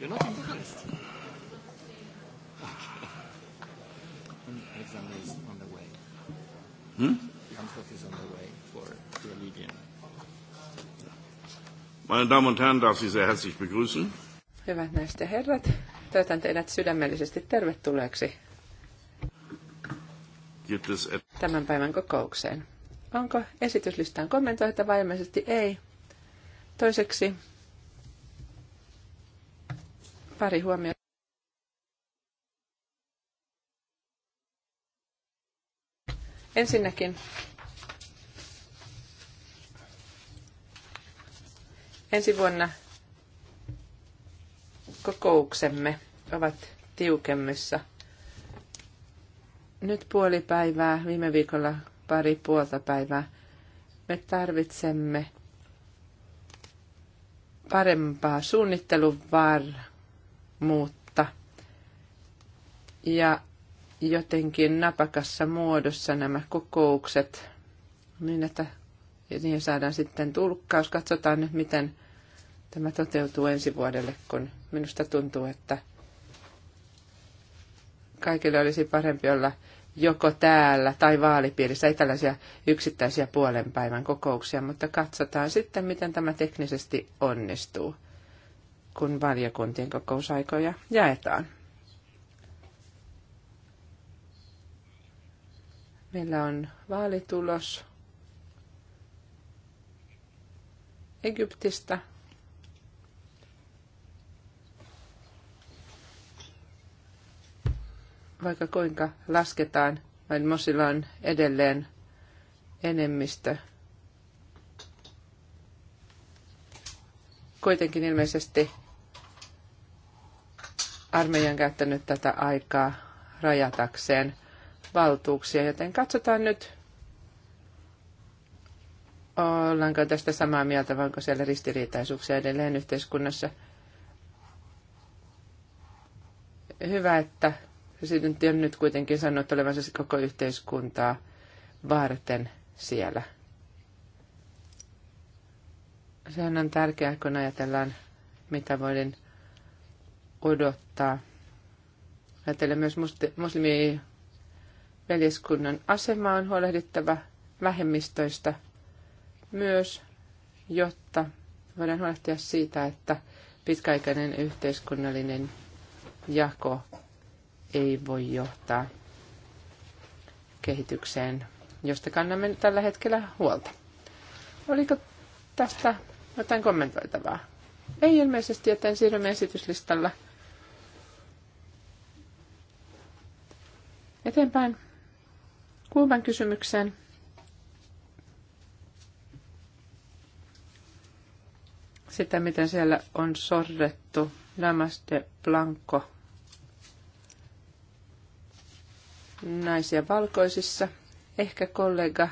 You're not in Bucharest. and Alexander is on the way. Hmm? is on the way for, for Libyen. Meine Damen und Herren, darf Sie sehr herzlich begrüßen. Hyvät naiset ja herrat, toivotan teidät sydämellisesti tervetulleeksi tämän päivän kokoukseen. Onko esityslistaan kommentoitava? Ilmeisesti ei. Toiseksi Pari huomiota. Ensinnäkin ensi vuonna kokouksemme ovat tiukemmissa. Nyt puoli päivää, viime viikolla pari puolta päivää. Me tarvitsemme parempaa varmaa muutta. Ja jotenkin napakassa muodossa nämä kokoukset, niin että niihin saadaan sitten tulkkaus. Katsotaan nyt, miten tämä toteutuu ensi vuodelle, kun minusta tuntuu, että kaikille olisi parempi olla joko täällä tai vaalipiirissä, ei tällaisia yksittäisiä puolenpäivän kokouksia, mutta katsotaan sitten, miten tämä teknisesti onnistuu kun valiokuntien kokousaikoja jaetaan. Meillä on vaalitulos Egyptistä. Vaikka kuinka lasketaan, vain Mosilla on edelleen enemmistö. Kuitenkin ilmeisesti armeijan käyttänyt tätä aikaa rajatakseen valtuuksia, joten katsotaan nyt, ollaanko tästä samaa mieltä, vai onko siellä ristiriitaisuuksia edelleen yhteiskunnassa. Hyvä, että presidentti on nyt kuitenkin sanonut olevansa koko yhteiskuntaa varten siellä. Sehän on tärkeää, kun ajatellaan, mitä voidaan odottaa. Ajatellen myös muslimien veljeskunnan asema on huolehdittava vähemmistöistä myös, jotta voidaan huolehtia siitä, että pitkäaikainen yhteiskunnallinen jako ei voi johtaa kehitykseen, josta kannamme tällä hetkellä huolta. Oliko tästä jotain kommentoitavaa? Ei ilmeisesti, joten siirrymme esityslistalla – eteenpäin kuuman kysymykseen. Sitä, miten siellä on sorrettu Namaste Blanco naisia valkoisissa. Ehkä kollega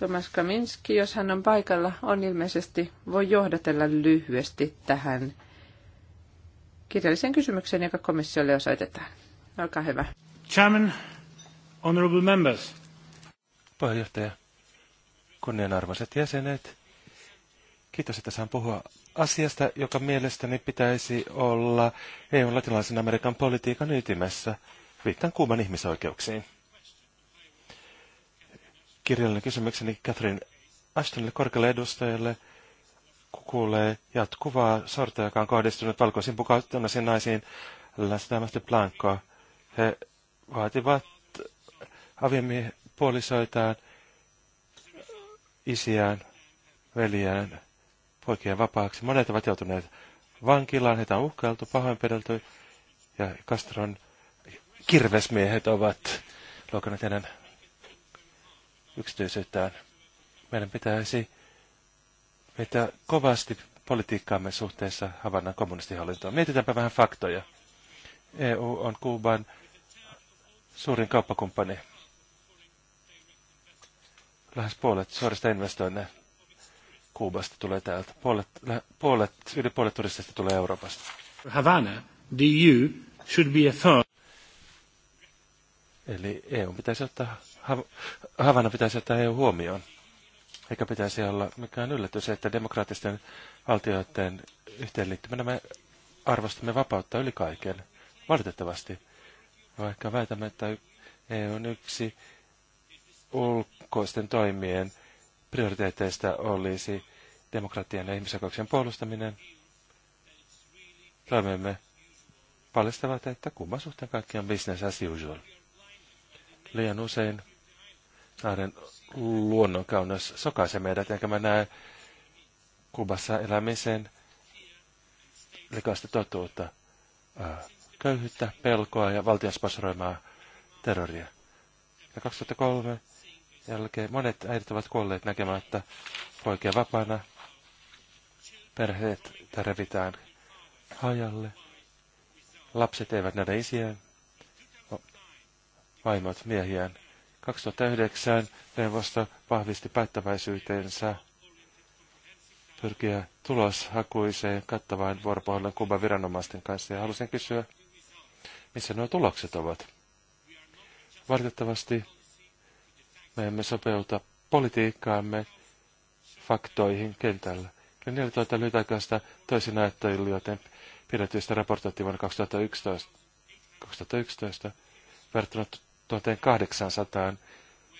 Tomas Kaminski, jos hän on paikalla, on ilmeisesti, voi johdatella lyhyesti tähän kirjalliseen kysymykseen, joka komissiolle osoitetaan. Olkaa hyvä. Chairman, honorable members. Puheenjohtaja, kunnianarvoiset jäsenet, kiitos, että saan puhua asiasta, joka mielestäni pitäisi olla EUn latinalaisen Amerikan politiikan ytimessä. Viittaan kuuman ihmisoikeuksiin. Kirjallinen kysymykseni Catherine Ashtonille korkealle edustajalle kuulee jatkuvaa sortoa, joka on kohdistunut valkoisiin pukautuneisiin naisiin läsnäämästä Blanco. He vaativat aviemi puolisoitaan, isiään, veljään, poikien vapaaksi. Monet ovat joutuneet vankilaan, heitä on uhkailtu, pahoinpidelty ja Castron kirvesmiehet ovat luokanneet heidän yksityisyyttään. Meidän pitäisi vetää kovasti politiikkaamme suhteessa Havannan kommunistihallintoon. Mietitäänpä vähän faktoja. EU on Kuuban suurin kauppakumppani. Lähes puolet suorista investoinneista Kuubasta tulee täältä. Puolet, puolet, yli puolet turisteista tulee Euroopasta. Havana, the EU should be a third. Eli EU pitäisi ottaa, Havana pitäisi ottaa EU huomioon. Eikä pitäisi olla mikään yllätys, että demokraattisten valtioiden yhteenliittymänä me arvostamme vapautta yli kaiken. Valitettavasti vaikka väitämme, että EU on yksi ulkoisten toimien prioriteeteista olisi demokratian ja ihmisoikeuksien puolustaminen, toimemme paljastavat, että kumman suhteen kaikki on business as usual. Liian usein näiden luonnon kauneus sokaisee meidät, enkä mä näe Kubassa elämisen rikasta totuutta. Äh, köyhyyttä, pelkoa ja valtion sponsoroimaa terroria. Ja 2003 jälkeen monet äidit ovat kuolleet että poikia vapaana. Perheet tarvitaan hajalle. Lapset eivät näe isiään, vaimot miehiään. 2009 neuvosto vahvisti päättäväisyytensä pyrkiä tuloshakuiseen kattavaan vuoropuhelun Kuuban viranomaisten kanssa. Ja halusin kysyä, missä nuo tulokset ovat. Valitettavasti me emme sopeuta politiikkaamme faktoihin kentällä. Ja tuota lyhytaikaista toisin ajattelijoiden pidetyistä raportoitiin vuonna 2011, 2011 verrattuna 1800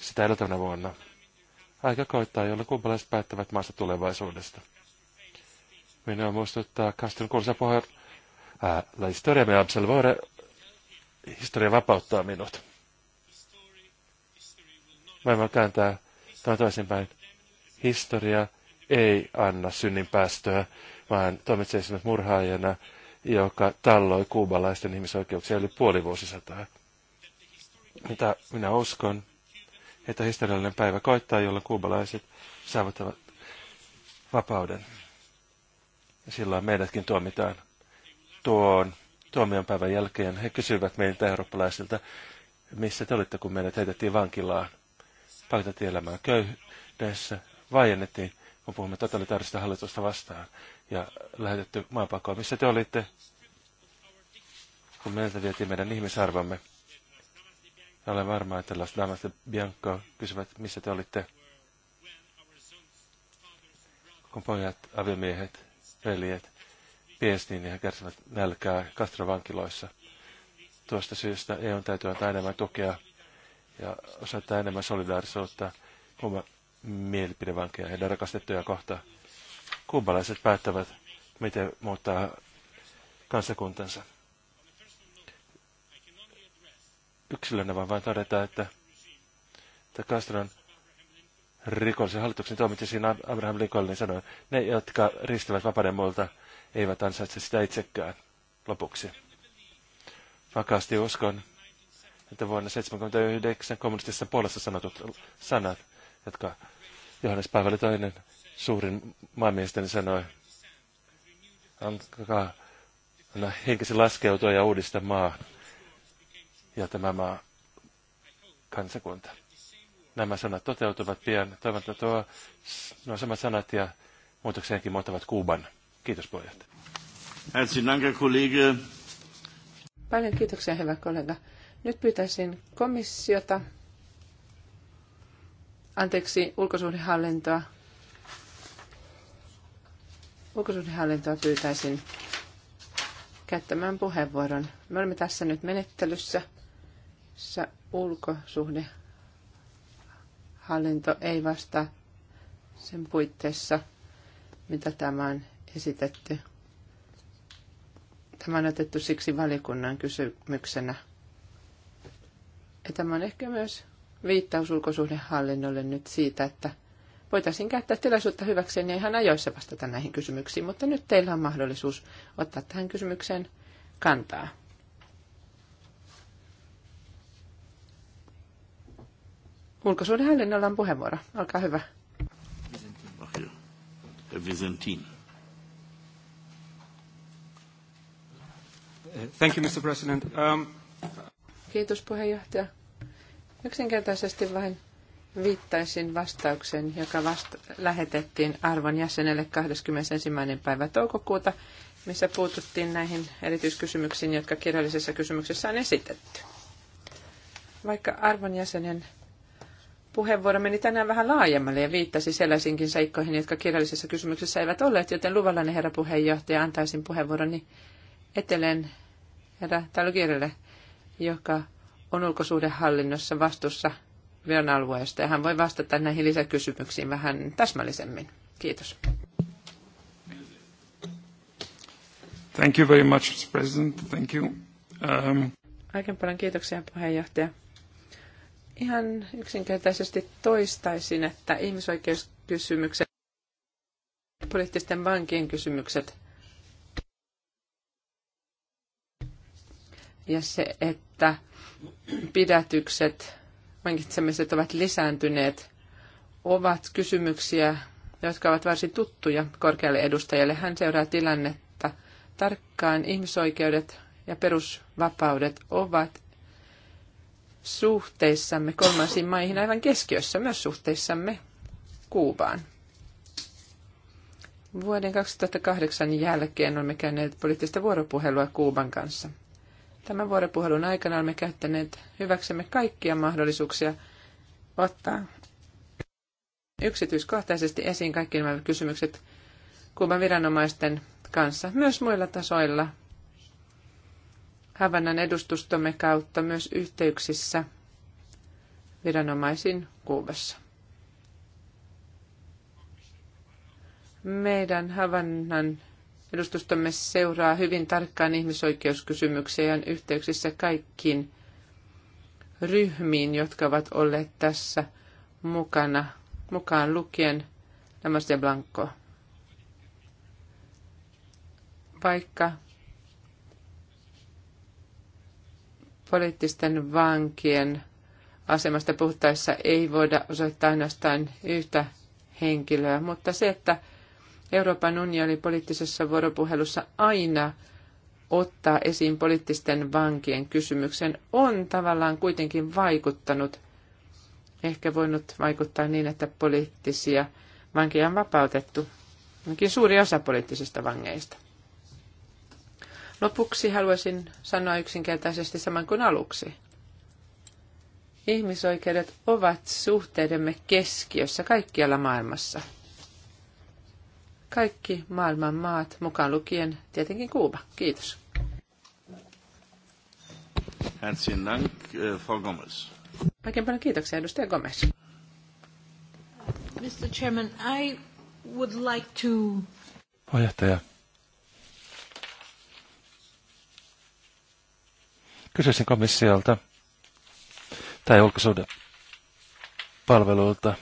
sitä edeltävänä vuonna. Aika koittaa, jolloin kumpalaiset päättävät maasta tulevaisuudesta. Minua muistuttaa Castron kuuluisa pohja La historia me observore historia vapauttaa minut. Maailma kääntää tämän toisinpäin. Historia ei anna synnin päästöä, vaan toimitsee sinut murhaajana, joka talloi kuubalaisten ihmisoikeuksia yli puoli vuosisataa. Mitä minä uskon, että historiallinen päivä koittaa, jolloin kuubalaiset saavuttavat vapauden. silloin meidätkin tuomitaan tuon tuomionpäivän jälkeen he kysyivät meiltä eurooppalaisilta, missä te olitte, kun meidät heitettiin vankilaan. Pakotettiin elämään köyhdessä, vaiennettiin, kun puhumme totalitaarista hallitusta vastaan, ja lähetetty maapakoon. Missä te olitte, kun meiltä vietiin meidän ihmisarvomme? Ja olen varma, että Las Damas de Bianco kysyvät, missä te olitte, kun pojat, aviomiehet, veljet, viestiin niin he kärsivät nälkää kastrovankiloissa. Tuosta syystä EU täytyy antaa enemmän tukea ja osoittaa enemmän solidaarisuutta kuuma mielipidevankeja heidän rakastettuja kohtaan. Kumpalaiset päättävät, miten muuttaa kansakuntansa. Yksilönä vaan vain todeta, että, että Castron rikollisen hallituksen toimitsi siinä Abraham Lincolnin sanoi, ne, jotka ristävät vapauden muolta, eivät ansaitse sitä itsekään lopuksi. Vakaasti uskon, että vuonna 1979 kommunistissa puolessa sanotut sanat, jotka Johannes Paavali toinen suurin maamiesten sanoi, antakaa anna henkesi laskeutua ja uudista maa ja tämä maa kansakunta. Nämä sanat toteutuvat pian. Toivon, että tuo, nuo samat sanat ja muutokseenkin muuttavat Kuuban. Kiitos puheenjohtaja. Paljon kiitoksia, hyvä kollega. Nyt pyytäisin komissiota, anteeksi, ulkosuhdehallintoa. Ulkosuhdehallintoa pyytäisin käyttämään puheenvuoron. Me olemme tässä nyt menettelyssä, jossa ulkosuhdehallinto ei vastaa sen puitteissa, mitä tämän esitetty. Tämä on otettu siksi valikunnan kysymyksenä. Ja tämä on ehkä myös viittaus ulkosuhdehallinnolle nyt siitä, että voitaisiin käyttää tilaisuutta hyväkseen ja ihan ajoissa vastata näihin kysymyksiin, mutta nyt teillä on mahdollisuus ottaa tähän kysymykseen kantaa. Ulkosuhdehallinnolla on puheenvuoro. Olkaa hyvä. Visentin. Thank you, Mr. President. Um... Kiitos puheenjohtaja. Yksinkertaisesti vain viittaisin vastauksen, joka vasta- lähetettiin arvon jäsenelle 21. päivä toukokuuta, missä puututtiin näihin erityiskysymyksiin, jotka kirjallisessa kysymyksessä on esitetty. Vaikka arvon jäsenen puheenvuoro meni tänään vähän laajemmalle ja viittasi sellaisinkin seikkoihin, jotka kirjallisessa kysymyksessä eivät olleet, joten luvallani herra puheenjohtaja antaisin puheenvuoroni etelän herra Talgirille, joka on ulkosuhdehallinnossa vastuussa Vion alueesta, ja hän voi vastata näihin lisäkysymyksiin vähän täsmällisemmin. Kiitos. Thank you very much, Mr. President. Thank you. Um... Aiken paljon kiitoksia, puheenjohtaja. Ihan yksinkertaisesti toistaisin, että ihmisoikeuskysymykset, poliittisten vankien kysymykset ja se, että pidätykset, vankitsemiset ovat lisääntyneet, ovat kysymyksiä, jotka ovat varsin tuttuja korkealle edustajalle. Hän seuraa tilannetta tarkkaan. Ihmisoikeudet ja perusvapaudet ovat suhteissamme kolmansiin maihin aivan keskiössä, myös suhteissamme Kuubaan. Vuoden 2008 jälkeen olemme käyneet poliittista vuoropuhelua Kuuban kanssa – Tämän vuoropuhelun aikana olemme käyttäneet hyväksemme kaikkia mahdollisuuksia ottaa yksityiskohtaisesti esiin kaikki nämä kysymykset Kuuban viranomaisten kanssa, myös muilla tasoilla, Havannan edustustomme kautta myös yhteyksissä viranomaisin Kuubassa. Meidän Havannan Edustustomme seuraa hyvin tarkkaan ihmisoikeuskysymyksiä ja on yhteyksissä kaikkiin ryhmiin, jotka ovat olleet tässä mukana, mukaan lukien Lamas de Blanco. Vaikka poliittisten vankien asemasta puhuttaessa ei voida osoittaa ainoastaan yhtä henkilöä, mutta se, että Euroopan unioni poliittisessa vuoropuhelussa aina ottaa esiin poliittisten vankien kysymyksen, on tavallaan kuitenkin vaikuttanut, ehkä voinut vaikuttaa niin, että poliittisia vankeja on vapautettu, ainakin suuri osa poliittisista vangeista. Lopuksi haluaisin sanoa yksinkertaisesti saman kuin aluksi. Ihmisoikeudet ovat suhteidemme keskiössä kaikkialla maailmassa – kaikki maailman maat, mukaan lukien tietenkin Kuuba. Kiitos. Herzlichen Dank, eh, Frau Gomez. Oikein paljon kiitoksia, edustaja Gomez. Mr. Chairman, I would like to... Puheenjohtaja. Kysyisin komissiolta tai ulkosuuden palvelulta.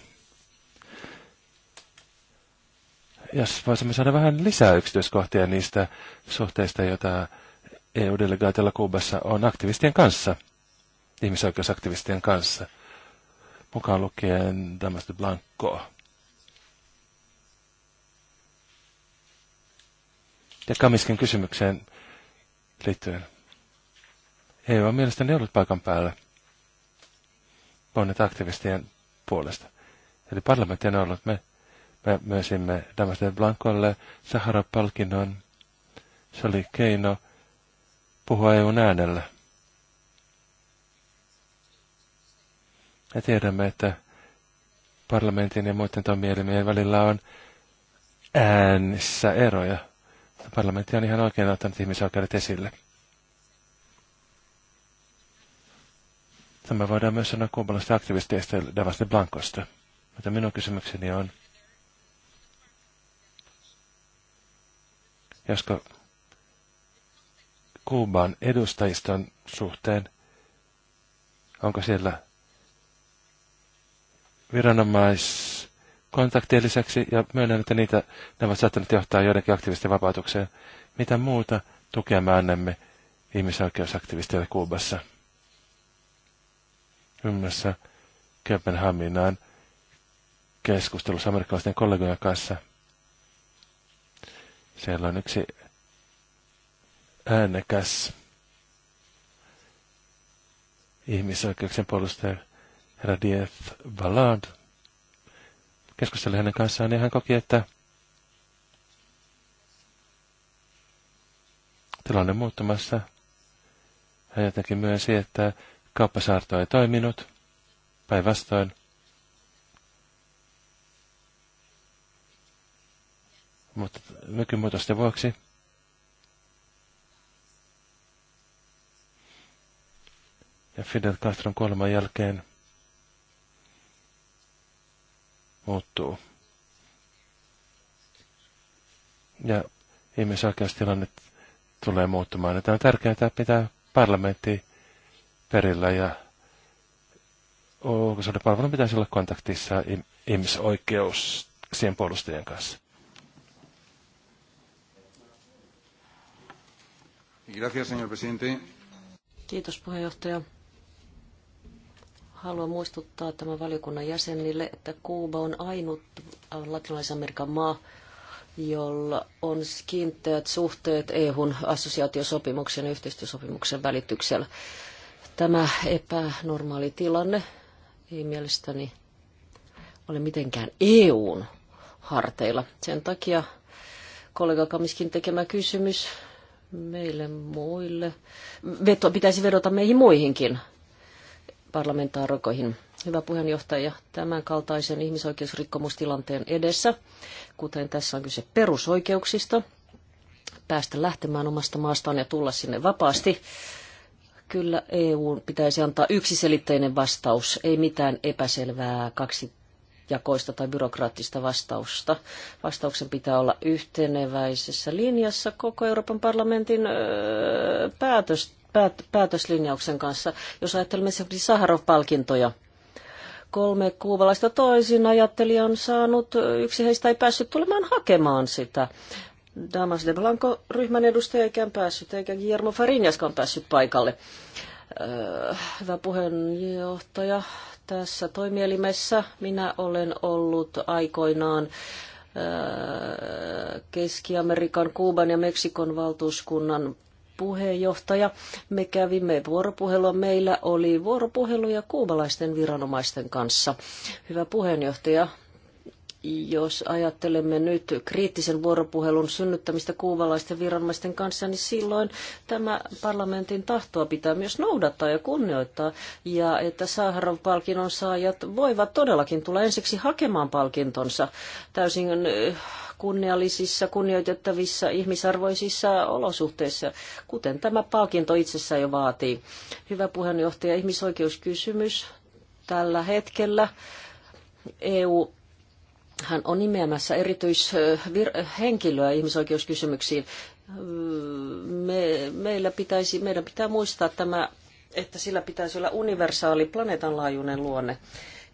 jos voisimme saada vähän lisää yksityiskohtia niistä suhteista, joita EU-delegaatiolla Kuubassa on aktivistien kanssa, ihmisoikeusaktivistien kanssa, mukaan lukien Damas de blanco. Ja Kamiskin kysymykseen liittyen. EU on mielestäni ollut paikan päällä monet aktivistien puolesta. Eli parlamentti on ollut me me myösimme Damaste Blancolle Sahara-palkinnon. Se oli keino puhua EUn äänellä. Me tiedämme, että parlamentin ja muiden toimielimien välillä on äänissä eroja. Parlamentti on ihan oikein ottanut ihmisoikeudet esille. Tämä voidaan myös sanoa kuubalaisista aktivisteista Davas de Blancosta. Mutta minun kysymykseni on, josko Kuuban edustajiston suhteen, onko siellä viranomaiskontaktien lisäksi, ja myönnän, että niitä ne ovat saattaneet johtaa joidenkin aktivisten vapautukseen. Mitä muuta tukea me annamme ihmisoikeusaktivisteille Kuubassa? Ymmärssä Kööpenhaminaan keskustelussa amerikkalaisten kollegojen kanssa – siellä on yksi äänekäs ihmisoikeuksien puolustaja herra Dieth Ballard. Keskustelin hänen kanssaan ja niin hän koki, että tilanne muuttumassa. Hän jotenkin myönsi, että kauppasaarto ei toiminut. Päinvastoin mutta nykymuutosten vuoksi ja Fidel Castron kolman jälkeen muuttuu. Ja ihmisoikeustilanne tulee muuttumaan. Ja tämä on tärkeää että pitää parlamentti perillä ja ulkosuuden palvelun pitäisi olla kontaktissa ihmisoikeuksien puolustajien kanssa. Gracias, señor presidente. Kiitos puheenjohtaja. Haluan muistuttaa tämän valiokunnan jäsenille, että Kuuba on ainut latinalaisen Amerikan maa, jolla on kiinteät suhteet EUn assosiaatiosopimuksen ja yhteistyösopimuksen välityksellä. Tämä epänormaali tilanne ei mielestäni ole mitenkään EUn harteilla. Sen takia kollega Kamiskin tekemä kysymys meille muille. Veto, pitäisi vedota meihin muihinkin parlamentaarikoihin. Hyvä puheenjohtaja, tämän kaltaisen ihmisoikeusrikkomustilanteen edessä, kuten tässä on kyse perusoikeuksista, päästä lähtemään omasta maastaan ja tulla sinne vapaasti, kyllä EU pitäisi antaa yksiselitteinen vastaus, ei mitään epäselvää kaksi jakoista tai byrokraattista vastausta. Vastauksen pitää olla yhteneväisessä linjassa koko Euroopan parlamentin päätös, päät, päätöslinjauksen kanssa. Jos ajattelemme esimerkiksi Saharov-palkintoja, kolme kuubalaista toisin ajattelija on saanut, yksi heistä ei päässyt tulemaan hakemaan sitä. Damas de Blanco ryhmän edustaja ikään päässyt, eikä Guillermo Farinjaskaan päässyt paikalle. Öö, hyvä puheenjohtaja, tässä toimielimessä. Minä olen ollut aikoinaan Keski-Amerikan, Kuuban ja Meksikon valtuuskunnan puheenjohtaja. Me kävimme vuoropuhelua. Meillä oli vuoropuheluja kuubalaisten viranomaisten kanssa. Hyvä puheenjohtaja, jos ajattelemme nyt kriittisen vuoropuhelun synnyttämistä kuubalaisten viranomaisten kanssa, niin silloin tämä parlamentin tahtoa pitää myös noudattaa ja kunnioittaa. Ja että Saharov-palkinnon saajat voivat todellakin tulla ensiksi hakemaan palkintonsa täysin äh, kunniallisissa, kunnioitettavissa, ihmisarvoisissa olosuhteissa, kuten tämä palkinto itsessään jo vaatii. Hyvä puheenjohtaja, ihmisoikeuskysymys tällä hetkellä. EU hän on nimeämässä erityishenkilöä ihmisoikeuskysymyksiin. Me, meillä pitäisi, meidän pitää muistaa tämä, että sillä pitäisi olla universaali planeetanlaajuinen luonne.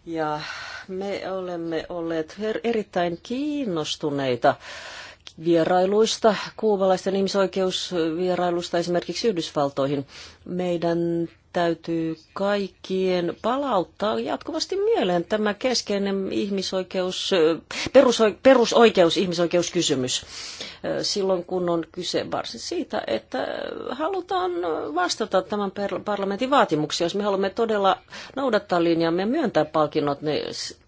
Ja me olemme olleet erittäin kiinnostuneita vierailuista, kuubalaisten ihmisoikeusvierailusta esimerkiksi Yhdysvaltoihin. Meidän täytyy kaikkien palauttaa jatkuvasti mieleen tämä keskeinen ihmisoikeus, perusoikeus, perusoikeus ihmisoikeuskysymys. Silloin kun on kyse varsin siitä, että halutaan vastata tämän parlamentin vaatimuksia, jos me haluamme todella noudattaa linjaamme ja myöntää palkinnot ne,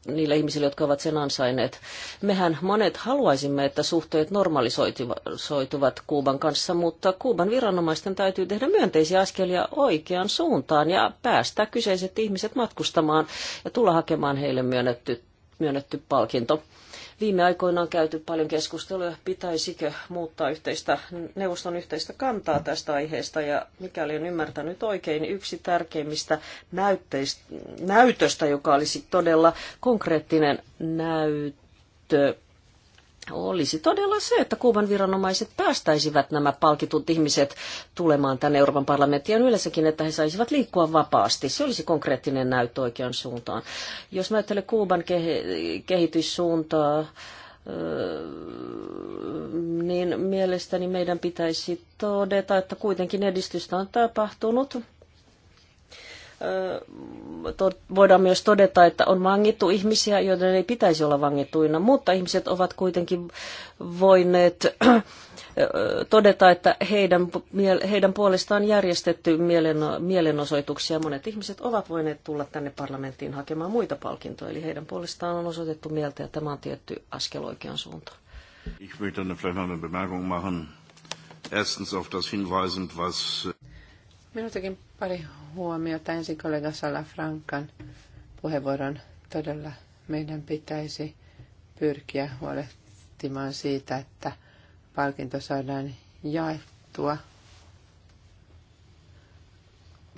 niille ihmisille, jotka ovat sen ansainneet. Mehän monet haluaisimme, että suhteet normalisoituvat Kuuban kanssa, mutta Kuuban viranomaisten täytyy tehdä myönteisiä askelia oikean suuntaan suuntaan ja päästää kyseiset ihmiset matkustamaan ja tulla hakemaan heille myönnetty, myönnetty palkinto. Viime aikoina on käyty paljon keskustelua, pitäisikö muuttaa yhteistä, neuvoston yhteistä kantaa tästä aiheesta. Ja mikäli on ymmärtänyt oikein, yksi tärkeimmistä näytöstä, joka olisi todella konkreettinen näyttö olisi todella se, että Kuuban viranomaiset päästäisivät nämä palkitut ihmiset tulemaan tänne Euroopan parlamenttiin ja yleensäkin, että he saisivat liikkua vapaasti. Se olisi konkreettinen näyttö oikean suuntaan. Jos mä ajattelen Kuuban kehityssuuntaa, öö, niin mielestäni meidän pitäisi todeta, että kuitenkin edistystä on tapahtunut voidaan myös todeta, että on vangittu ihmisiä, joiden ei pitäisi olla vangittuina, mutta ihmiset ovat kuitenkin voineet todeta, että heidän, heidän puolestaan järjestetty mielen, mielenosoituksia. Monet ihmiset ovat voineet tulla tänne parlamenttiin hakemaan muita palkintoja, eli heidän puolestaan on osoitettu mieltä ja tämä on tietty askel oikeaan suuntaan. Ich möchte dann vielleicht noch eine Bemerkung machen. Erstens auf das hinweisend, was pari huomiota ensin kollega Salafrankan puheenvuoron. Todella meidän pitäisi pyrkiä huolehtimaan siitä, että palkinto saadaan jaettua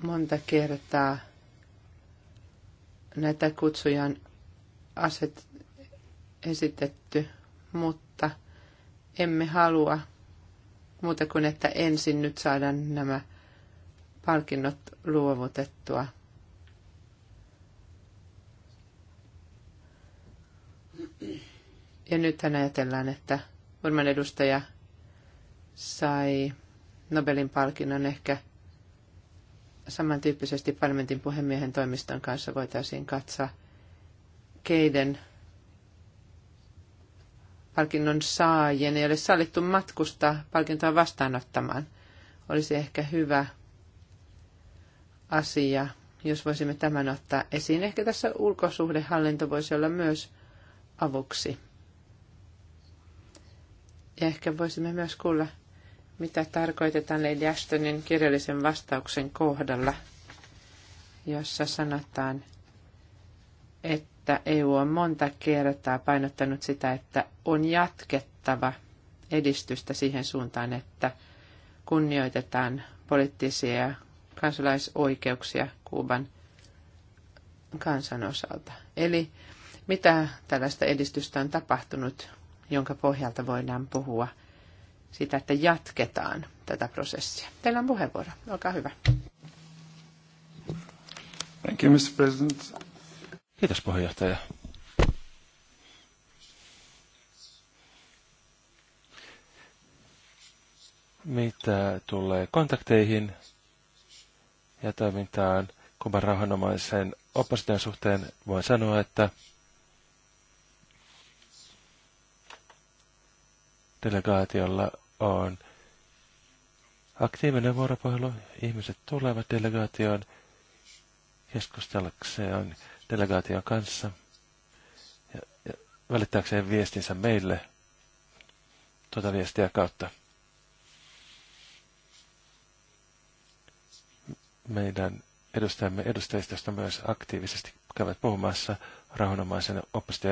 monta kertaa näitä kutsuja on aset esitetty, mutta emme halua muuta kuin, että ensin nyt saadaan nämä – palkinnot luovutettua. Ja nythän ajatellaan, että Urman edustaja sai Nobelin palkinnon ehkä samantyyppisesti parlamentin puhemiehen toimiston kanssa voitaisiin katsoa keiden palkinnon saajien ei ole sallittu matkustaa palkintoa vastaanottamaan. Olisi ehkä hyvä asia, jos voisimme tämän ottaa esiin. Ehkä tässä ulkosuhdehallinto voisi olla myös avuksi. Ja ehkä voisimme myös kuulla, mitä tarkoitetaan Lady Ashtonin kirjallisen vastauksen kohdalla, jossa sanotaan, että EU on monta kertaa painottanut sitä, että on jatkettava edistystä siihen suuntaan, että kunnioitetaan poliittisia kansalaisoikeuksia Kuuban kansan osalta. Eli mitä tällaista edistystä on tapahtunut, jonka pohjalta voidaan puhua sitä, että jatketaan tätä prosessia. Teillä on puheenvuoro. Olkaa hyvä. Thank you, Mr. President. Kiitos puheenjohtaja. Mitä tulee kontakteihin, ja toimintaan Kuban rauhanomaisen opposition suhteen voin sanoa, että delegaatiolla on aktiivinen vuoropuhelu. Ihmiset tulevat delegaation keskustellakseen delegaation kanssa ja, ja välittääkseen viestinsä meille tuota viestiä kautta. meidän edustajamme josta myös aktiivisesti käyvät puhumassa rauhanomaisen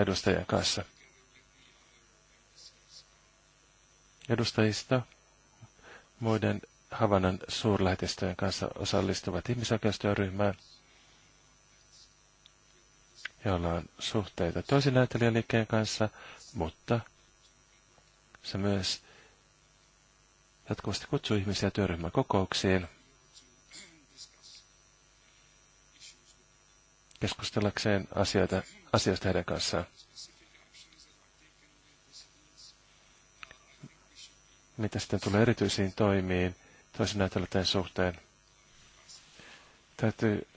edustajien kanssa. Edustajista muiden Havanan suurlähetistöjen kanssa osallistuvat ihmisoikeustyöryhmään, jolla on suhteita toisen näyttelijäliikkeen kanssa, mutta se myös jatkuvasti kutsuu ihmisiä työryhmän kokouksiin – keskustellakseen asioita, asioista heidän kanssaan. Mitä sitten tulee erityisiin toimiin toisen näytelmän suhteen? Täytyy,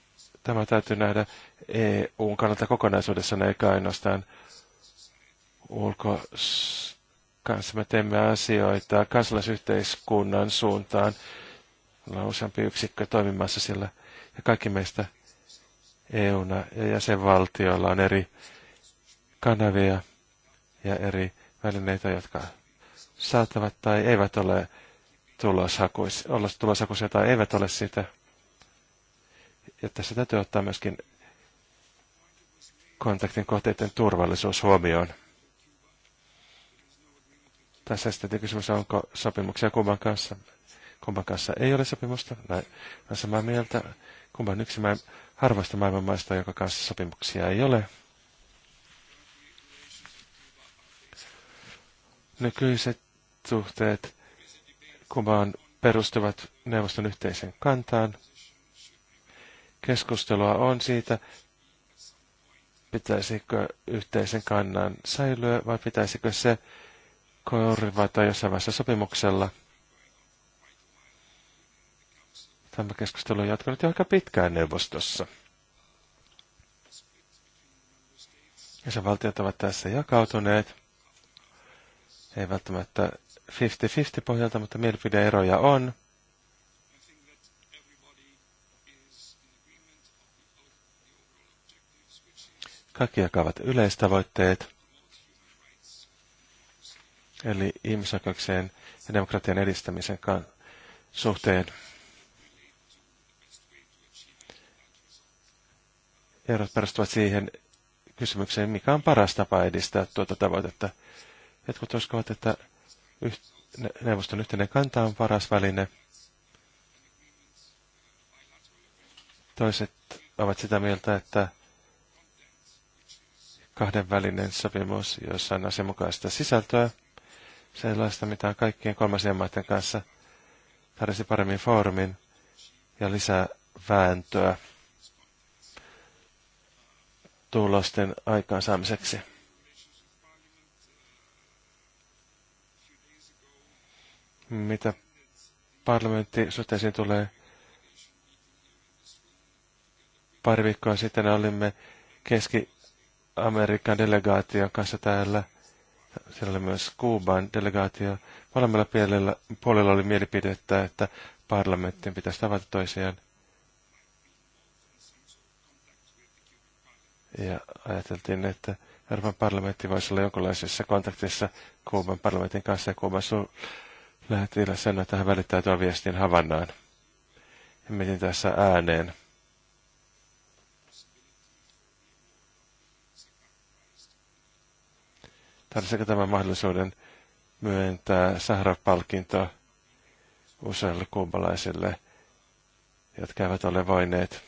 tämä täytyy nähdä EUn kannalta kokonaisuudessaan, eikä ainoastaan ulko kanssa me teemme asioita kansalaisyhteiskunnan suuntaan. Meillä on useampi yksikkö toimimassa siellä ja kaikki meistä EUna ja jäsenvaltioilla on eri kanavia ja eri välineitä, jotka saattavat tai eivät ole tuloshakuisia, olla tuloshakuisia tai eivät ole sitä. Ja tässä täytyy ottaa myöskin kontaktin kohteiden turvallisuus huomioon. Tässä sitten kysymys, onko sopimuksia kumman kanssa. Kumman kanssa ei ole sopimusta, näin samaa mieltä. Kuba on yksi maailma, harvoista maailman maista, joka kanssa sopimuksia ei ole. Nykyiset suhteet Kubaan perustuvat neuvoston yhteiseen kantaan. Keskustelua on siitä, pitäisikö yhteisen kannan säilyä vai pitäisikö se korvata jossain vaiheessa sopimuksella – Tämä keskustelu on jatkunut jo aika pitkään neuvostossa. valtiot ovat tässä jakautuneet. Ei välttämättä 50-50 pohjalta, mutta mielipideeroja on. Kaikki jakavat yleistavoitteet, eli ihmisoikeuksien ja demokratian edistämisen suhteen erot perustuvat siihen kysymykseen, mikä on paras tapa edistää tuota tavoitetta. Jotkut uskovat, että neuvoston yhteinen kanta on paras väline. Toiset ovat sitä mieltä, että kahdenvälinen sopimus, jossa on asianmukaista sisältöä, sellaista, mitä on kaikkien kolmasien maiden kanssa, tarvitsisi paremmin foorumin ja lisää vääntöä tulosten aikaansaamiseksi. Mitä parlamentti suhteisiin tulee, pari viikkoa sitten olimme Keski-Amerikan delegaation kanssa täällä. Siellä oli myös Kuuban delegaatio. Molemmilla puolilla oli mielipidettä, että parlamentin pitäisi tavata toisiaan. Ja ajateltiin, että Euroopan parlamentti voisi olla jonkinlaisessa kontaktissa Kuuban parlamentin kanssa ja Kuuban lähettilä sanoi, että hän välittää tuon viestin Havannaan. Ja mietin tässä ääneen. Tarvitseeko tämän mahdollisuuden myöntää Sahra-palkinto useille kuubalaisille, jotka eivät ole voineet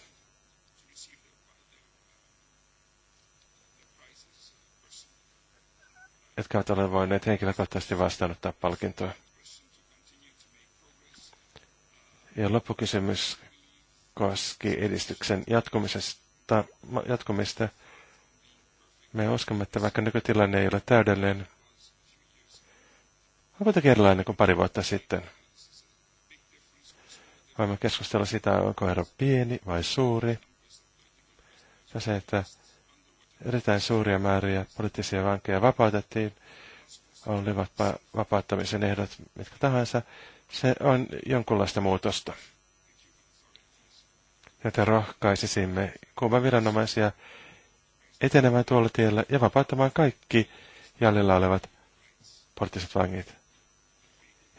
jotka ovat ole voineet henkilökohtaisesti vastaanottaa palkintoa. Ja loppukysymys koski edistyksen jatkumisesta, jatkumista. Me uskomme, että vaikka nykytilanne ei ole täydellinen, on kuitenkin erilainen kuin pari vuotta sitten. Voimme keskustella sitä, onko ero pieni vai suuri. Ja se, että erittäin suuria määriä poliittisia vankeja vapautettiin, olivat vapauttamisen ehdot mitkä tahansa, se on jonkunlaista muutosta. Joten rohkaisisimme Kuuban viranomaisia etenemään tuolla tiellä ja vapauttamaan kaikki jäljellä olevat poliittiset vangit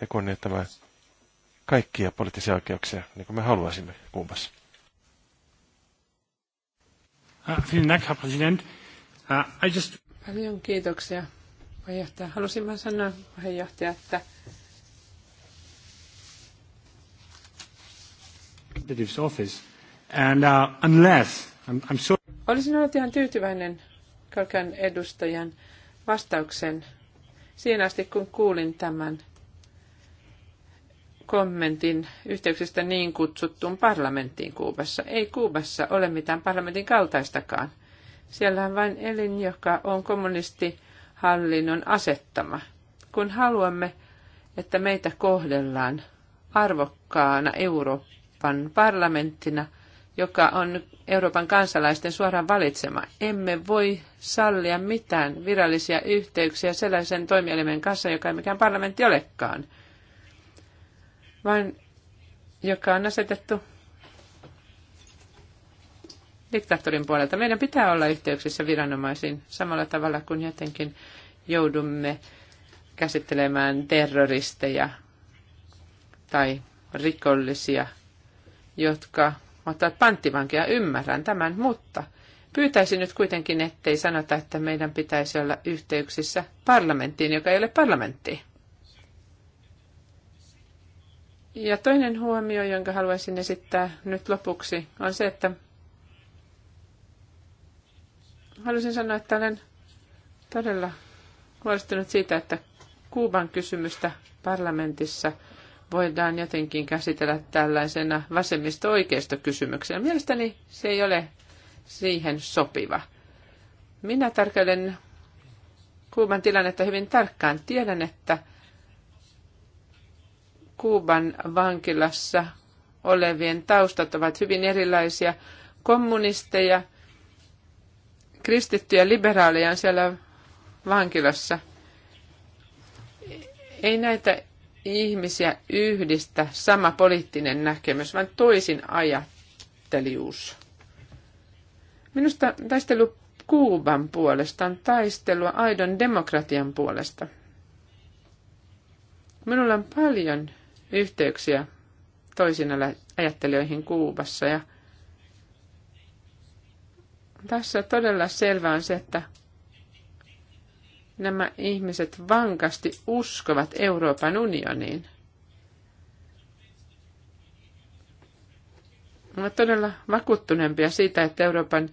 ja kunnioittamaan kaikkia poliittisia oikeuksia, niin kuin me haluaisimme Kuubassa. Ah, ah, Paljon kiitoksia, puheenjohtaja. Halusin vain sanoa, puheenjohtaja, että office. And, uh, unless, I'm, I'm so... Olisin ollut ihan tyytyväinen Kalkan edustajan vastauksen siinä asti, kun kuulin tämän kommentin yhteyksistä niin kutsuttuun parlamenttiin Kuubassa. Ei Kuubassa ole mitään parlamentin kaltaistakaan. Siellä on vain elin, joka on kommunistihallinnon asettama. Kun haluamme, että meitä kohdellaan arvokkaana Euroopan parlamenttina, joka on Euroopan kansalaisten suoraan valitsema. Emme voi sallia mitään virallisia yhteyksiä sellaisen toimielimen kanssa, joka ei mikään parlamentti olekaan – vaan joka on asetettu diktaattorin puolelta. Meidän pitää olla yhteyksissä viranomaisiin samalla tavalla kuin jotenkin joudumme käsittelemään terroristeja tai rikollisia, jotka ottavat panttivankia. Ymmärrän tämän, mutta pyytäisin nyt kuitenkin, ettei sanota, että meidän pitäisi olla yhteyksissä parlamenttiin, joka ei ole parlamentti. Ja toinen huomio, jonka haluaisin esittää nyt lopuksi, on se, että haluaisin sanoa, että olen todella huolestunut siitä, että Kuuban kysymystä parlamentissa voidaan jotenkin käsitellä tällaisena vasemmisto-oikeistokysymyksenä. Mielestäni se ei ole siihen sopiva. Minä tarkkailen Kuuban tilannetta hyvin tarkkaan. Tiedän, että Kuuban vankilassa olevien taustat ovat hyvin erilaisia. Kommunisteja, kristittyjä liberaaleja on siellä vankilassa. Ei näitä ihmisiä yhdistä sama poliittinen näkemys, vaan toisin ajattelijuus. Minusta taistelu Kuuban puolesta on taistelua aidon demokratian puolesta. Minulla on paljon yhteyksiä toisin ajattelijoihin Kuubassa. Ja tässä todella selvää on se, että nämä ihmiset vankasti uskovat Euroopan unioniin. Ovat todella vakuuttuneempia siitä, että Euroopan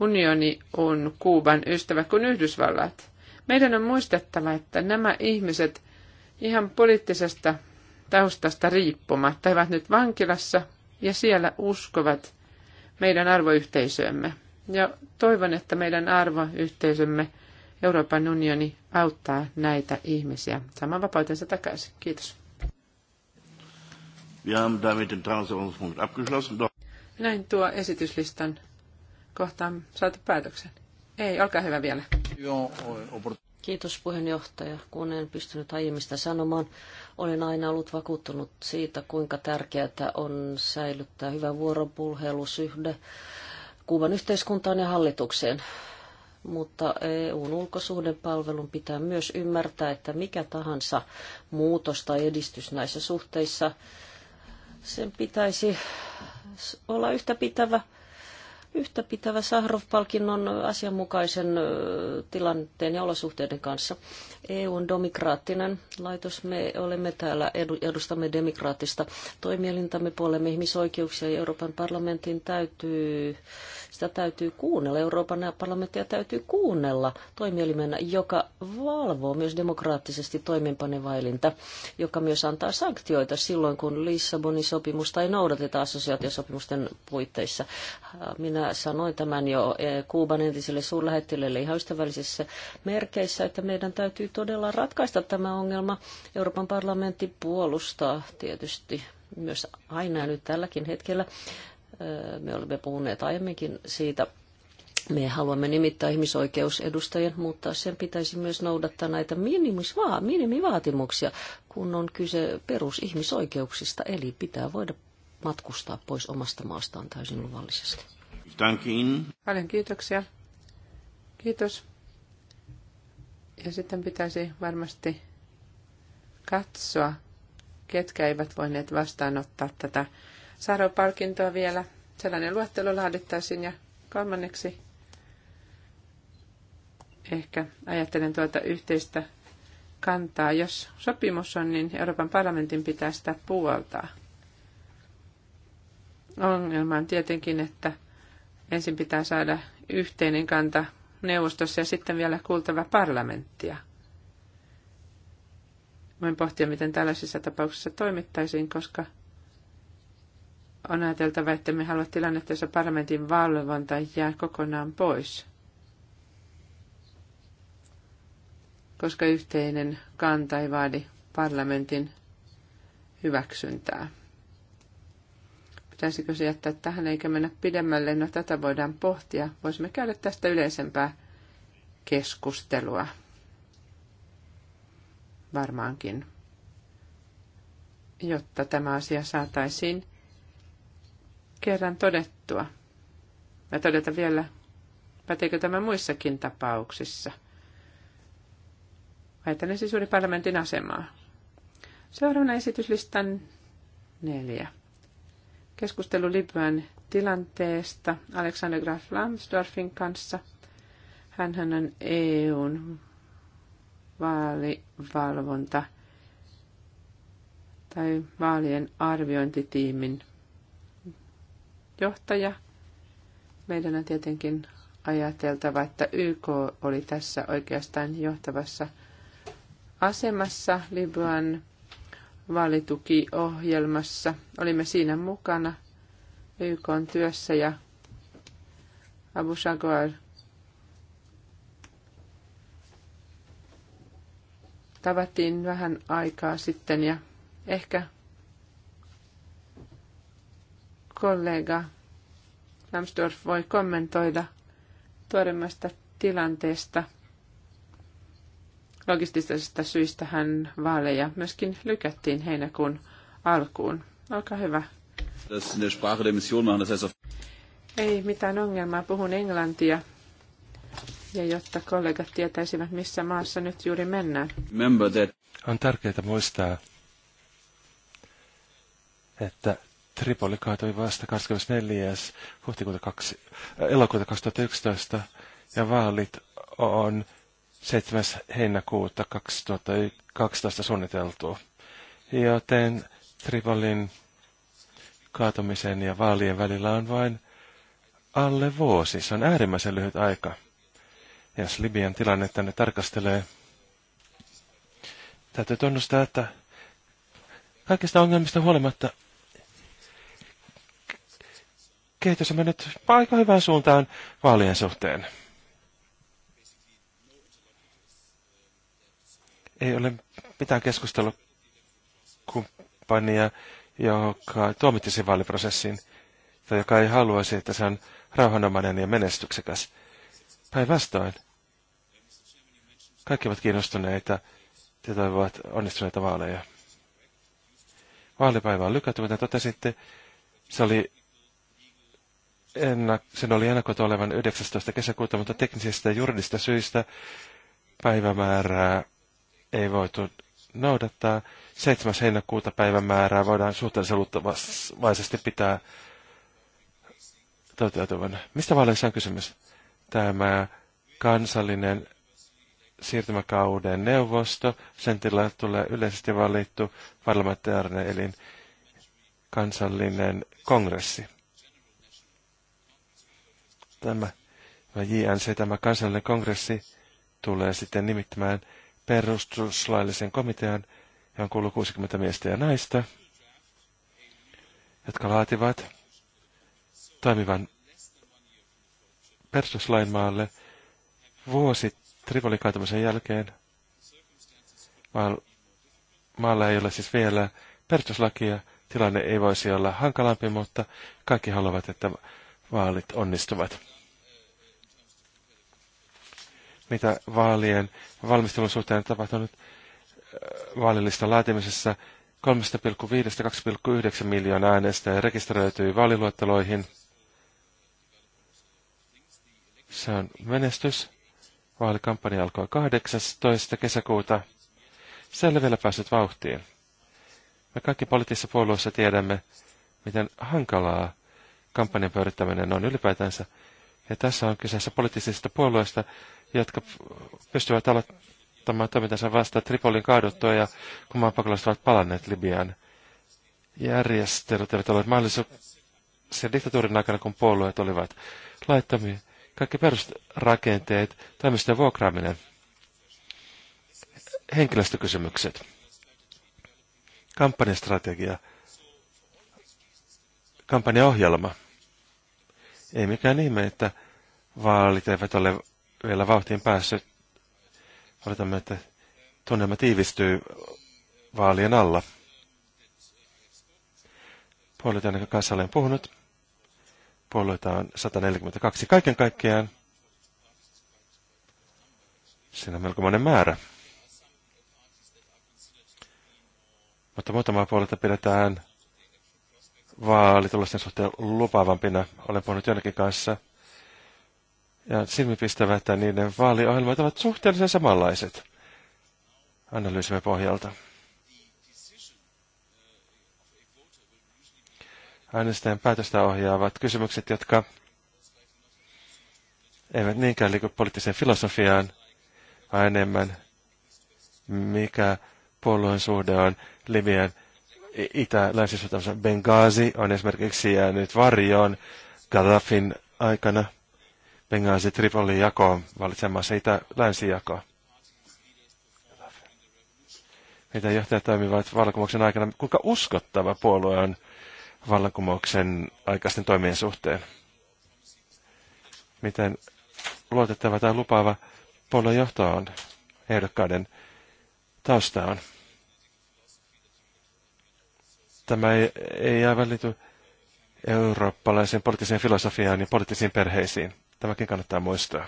unioni on Kuuban ystävä kuin Yhdysvallat. Meidän on muistettava, että nämä ihmiset ihan poliittisesta taustasta riippumatta. ovat nyt vankilassa ja siellä uskovat meidän arvoyhteisöämme Ja toivon, että meidän arvoyhteisömme Euroopan unioni auttaa näitä ihmisiä Saman vapautensa takaisin. Kiitos. Näin tuo esityslistan kohtaan saatu päätöksen. Ei, olkaa hyvä vielä. Kiitos puheenjohtaja, kun en pystynyt aiemmista sanomaan. Olen aina ollut vakuuttunut siitä, kuinka tärkeää on säilyttää hyvä vuoropuhelusyhde Kuuban yhteiskuntaan ja hallitukseen. Mutta EUn ulkosuhdepalvelun pitää myös ymmärtää, että mikä tahansa muutos tai edistys näissä suhteissa, sen pitäisi olla yhtä pitävä – yhtäpitävä Sahrov-palkinnon asianmukaisen tilanteen ja olosuhteiden kanssa. EU on demokraattinen laitos. Me olemme täällä, edustamme demokraattista toimielintämme puolemme ihmisoikeuksia ja Euroopan parlamentin täytyy, sitä täytyy kuunnella. Euroopan parlamenttia täytyy kuunnella toimielimenä, joka valvoo myös demokraattisesti toimeenpanevaa elintä, joka myös antaa sanktioita silloin, kun Lissabonin sopimusta ei noudateta assosiaatiosopimusten puitteissa. Minä minä sanoin tämän jo eh, Kuuban entiselle suurlähettilölle ihan ystävällisissä merkeissä, että meidän täytyy todella ratkaista tämä ongelma. Euroopan parlamentti puolustaa tietysti myös aina ja nyt tälläkin hetkellä. Eh, me olemme puhuneet aiemminkin siitä me haluamme nimittää ihmisoikeusedustajien, mutta sen pitäisi myös noudattaa näitä minimisvaa, minimivaatimuksia, kun on kyse perusihmisoikeuksista, eli pitää voida matkustaa pois omasta maastaan täysin luvallisesti danke Paljon kiitoksia. Kiitos. Ja sitten pitäisi varmasti katsoa, ketkä eivät voineet vastaanottaa tätä Saro-palkintoa vielä. Sellainen luettelo laadittaisiin ja kolmanneksi ehkä ajattelen tuota yhteistä kantaa. Jos sopimus on, niin Euroopan parlamentin pitää sitä puoltaa. Ongelma on tietenkin, että Ensin pitää saada yhteinen kanta neuvostossa ja sitten vielä kuultava parlamenttia. Voin pohtia, miten tällaisissa tapauksissa toimittaisiin, koska on ajateltava, että me halua tilannetta, jossa parlamentin valvonta jää kokonaan pois. Koska yhteinen kanta ei vaadi parlamentin hyväksyntää. Pitäisikö se jättää tähän eikä mennä pidemmälle? No tätä voidaan pohtia. Voisimme käydä tästä yleisempää keskustelua. Varmaankin. Jotta tämä asia saataisiin kerran todettua. Mä todeta vielä, päteekö tämä muissakin tapauksissa. Ajattelen siis juuri parlamentin asemaa. Seuraavana esityslistan neljä keskustelu Libyan tilanteesta Alexander Graf Lambsdorffin kanssa. Hän on EUn vaalivalvonta tai vaalien arviointitiimin johtaja. Meidän on tietenkin ajateltava, että YK oli tässä oikeastaan johtavassa asemassa Libyan vaalitukiohjelmassa. Olimme siinä mukana YK työssä ja Abu Shagwar tavattiin vähän aikaa sitten ja ehkä kollega Lambsdorff voi kommentoida tuoremmasta tilanteesta – Logistisista syistä hän vaaleja myöskin lykättiin heinäkuun alkuun. Olkaa hyvä. Ei mitään ongelmaa, puhun englantia. Ja jotta kollegat tietäisivät, missä maassa nyt juuri mennään. On tärkeää muistaa, että Tripoli kaatui vasta 24. huhtikuuta 2, elokuuta 2011 ja vaalit on 7. heinäkuuta 2012 suunniteltua. Joten Trivalin kaatumisen ja vaalien välillä on vain alle vuosi. Se on äärimmäisen lyhyt aika. Ja jos Libian tilanne ne tarkastelee, täytyy tunnustaa, että kaikista ongelmista huolimatta kehitys on mennyt aika hyvään suuntaan vaalien suhteen. ei ole mitään keskustelukumppania, joka tuomittisi vaaliprosessin tai joka ei haluaisi, että se on rauhanomainen ja menestyksekäs. Päinvastoin. Kaikki ovat kiinnostuneita ja toivovat onnistuneita vaaleja. Vaalipäivä on lykätty, mutta totesitte. Se oli ennak- sen oli ennakoitu olevan 19. kesäkuuta, mutta teknisistä ja juridista syistä päivämäärää ei voitu noudattaa. 7. heinäkuuta päivämäärää voidaan suhteellisen luottavaisesti pitää toteutuvan. Mistä vaaleissa on kysymys? Tämä kansallinen siirtymäkauden neuvosto, sen tilalle tulee yleisesti valittu parlamentaarinen elin kansallinen kongressi. Tämä, tämä JNC, tämä kansallinen kongressi, tulee sitten nimittämään perustuslaillisen komitean, johon kuuluu 60 miestä ja naista, jotka laativat toimivan perustuslain maalle vuosi Tripolin kaatumisen jälkeen. Maalla ei ole siis vielä perustuslakia. Tilanne ei voisi olla hankalampi, mutta kaikki haluavat, että vaalit onnistuvat mitä vaalien valmistelun suhteen on tapahtunut äh, vaalilista laatimisessa. 3,5-2,9 miljoonaa ja rekisteröityi vaaliluetteloihin. Se on menestys. Vaalikampanja alkoi 18. kesäkuuta. Se ei ole vielä päässyt vauhtiin. Me kaikki poliittisissa puolueissa tiedämme, miten hankalaa kampanjan pyörittäminen on ylipäätänsä. Ja tässä on kyseessä poliittisista puolueista, jotka pystyvät aloittamaan toimintansa vasta Tripolin kaaduttua ja kun maanpakolaiset ovat palanneet Libiaan. Järjestelyt eivät ole mahdollisia sen diktatuurin aikana, kun puolueet olivat laittomia. Kaikki perusrakenteet, toimistojen vuokraaminen, henkilöstökysymykset, kampanjastrategia, kampanjaohjelma. Ei mikään ihme, että vaalit eivät ole vielä vauhtiin päässä. Odotamme, että tunnelma tiivistyy vaalien alla. Puolueita, ainakaan kanssa olen puhunut, puolueita on 142 kaiken kaikkiaan. Siinä on melkoinen määrä. Mutta muutamaa puolelta pidetään vaalitulosten suhteen lupaavampina. Olen puhunut jonnekin kanssa – ja silmipistävä, että niiden vaaliohjelmat ovat suhteellisen samanlaiset analyysimme pohjalta. Äänestäjän päätöstä ohjaavat kysymykset, jotka eivät niinkään liiku poliittiseen filosofiaan, vaan enemmän mikä puolueen suhde on Libyan itä länsi Benghazi on esimerkiksi jäänyt varjoon Gaddafin aikana – Benghazi Tripolin jakoon valitsemassa itä-länsijakoa. Mitä johtajat toimivat vallankumouksen aikana? Kuinka uskottava puolue on vallankumouksen aikaisten toimien suhteen? Miten luotettava tai lupaava puolueen johto on ehdokkaiden tausta on? Tämä ei, ei aivan liity eurooppalaisen poliittiseen filosofiaan ja poliittisiin perheisiin. Tämäkin kannattaa muistaa.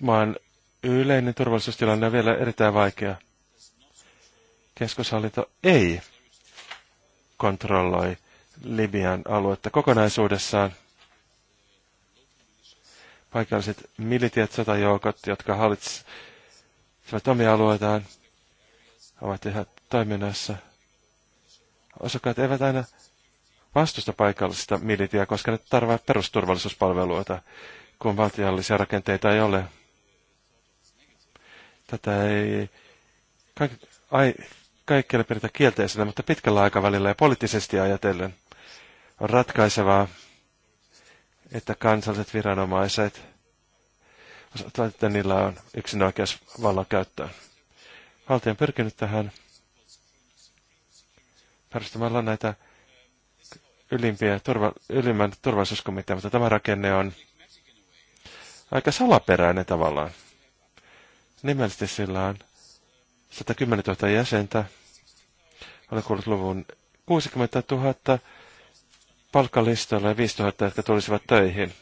Maan yleinen turvallisuustilanne on vielä erittäin vaikea. Keskushallinto ei kontrolloi Libian aluetta kokonaisuudessaan. Paikalliset militiat, sotajoukot, jotka hallitsevat omia alueitaan, ovat yhä toiminnassa. Osakkaat eivät aina vastusta paikallista militiä, koska ne tarvitsevat perusturvallisuuspalveluita, kun valtiollisia rakenteita ei ole. Tätä ei kaik, ai, pidetä kielteisenä, mutta pitkällä aikavälillä ja poliittisesti ajatellen on ratkaisevaa, että kansalliset viranomaiset, että niillä on yksin oikeus vallan käyttöön. Valtio on pyrkinyt tähän perustamalla näitä ylimpiä turva, ylimmän turvallisuuskomitea, mutta tämä rakenne on aika salaperäinen tavallaan. Nimellisesti sillä on 110 000 jäsentä. Olen kuullut luvun 60 000 palkkalistoilla ja 5 000, jotka tulisivat töihin.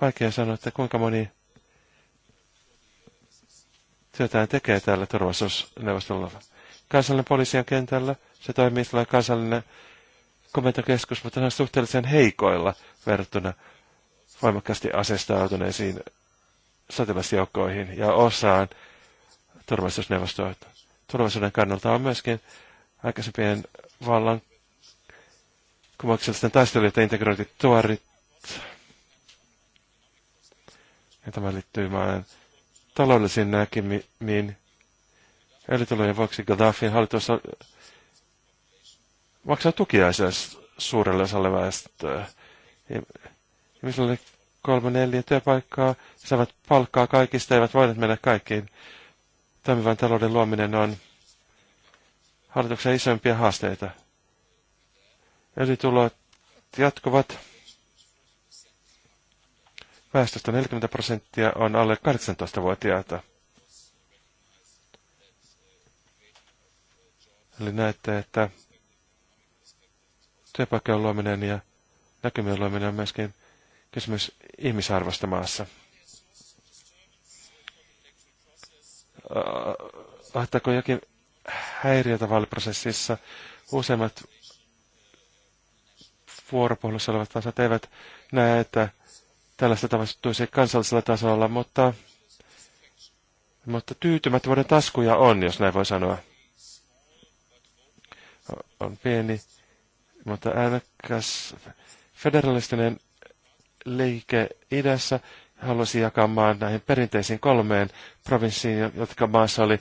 Vaikea sanoa, että kuinka moni työtään tekee täällä turvallisuusneuvostolla. Kansallinen poliisien kentällä – se toimii sellainen kansallinen komentokeskus, mutta se on suhteellisen heikoilla verrattuna voimakkaasti asestautuneisiin sotilasjoukkoihin ja osaan turvallisuusneuvostoa. Turvallisuuden kannalta on myöskin aikaisempien vallan kumouksellisten taistelijoiden integroitit tuorit. Ja tämä liittyy maan taloudellisiin näkemiin. tulojen vuoksi Gaddafin hallitus maksaa tukiaisia suurelle osalle väestöä. Ihmisillä oli kolme neljä työpaikkaa, saavat palkkaa kaikista, eivät voineet mennä kaikkiin. Toimivan talouden luominen on hallituksen isompia haasteita. Ylitulot jatkuvat. Väestöstä 40 prosenttia on alle 18-vuotiaita. Eli näette, että työpaikkojen luominen ja näkymien luominen on myöskin kysymys ihmisarvosta maassa. Ahtaako jokin häiriötä vaaliprosessissa? Useimmat vuoropuhelussa olevat kansat eivät näe, että tällaista tapahtuisi kansallisella tasolla, mutta, mutta tyytymättömyyden taskuja on, jos näin voi sanoa. On pieni mutta äänekäs federalistinen liike idässä halusi jakaa maan näihin perinteisiin kolmeen provinssiin, jotka maassa oli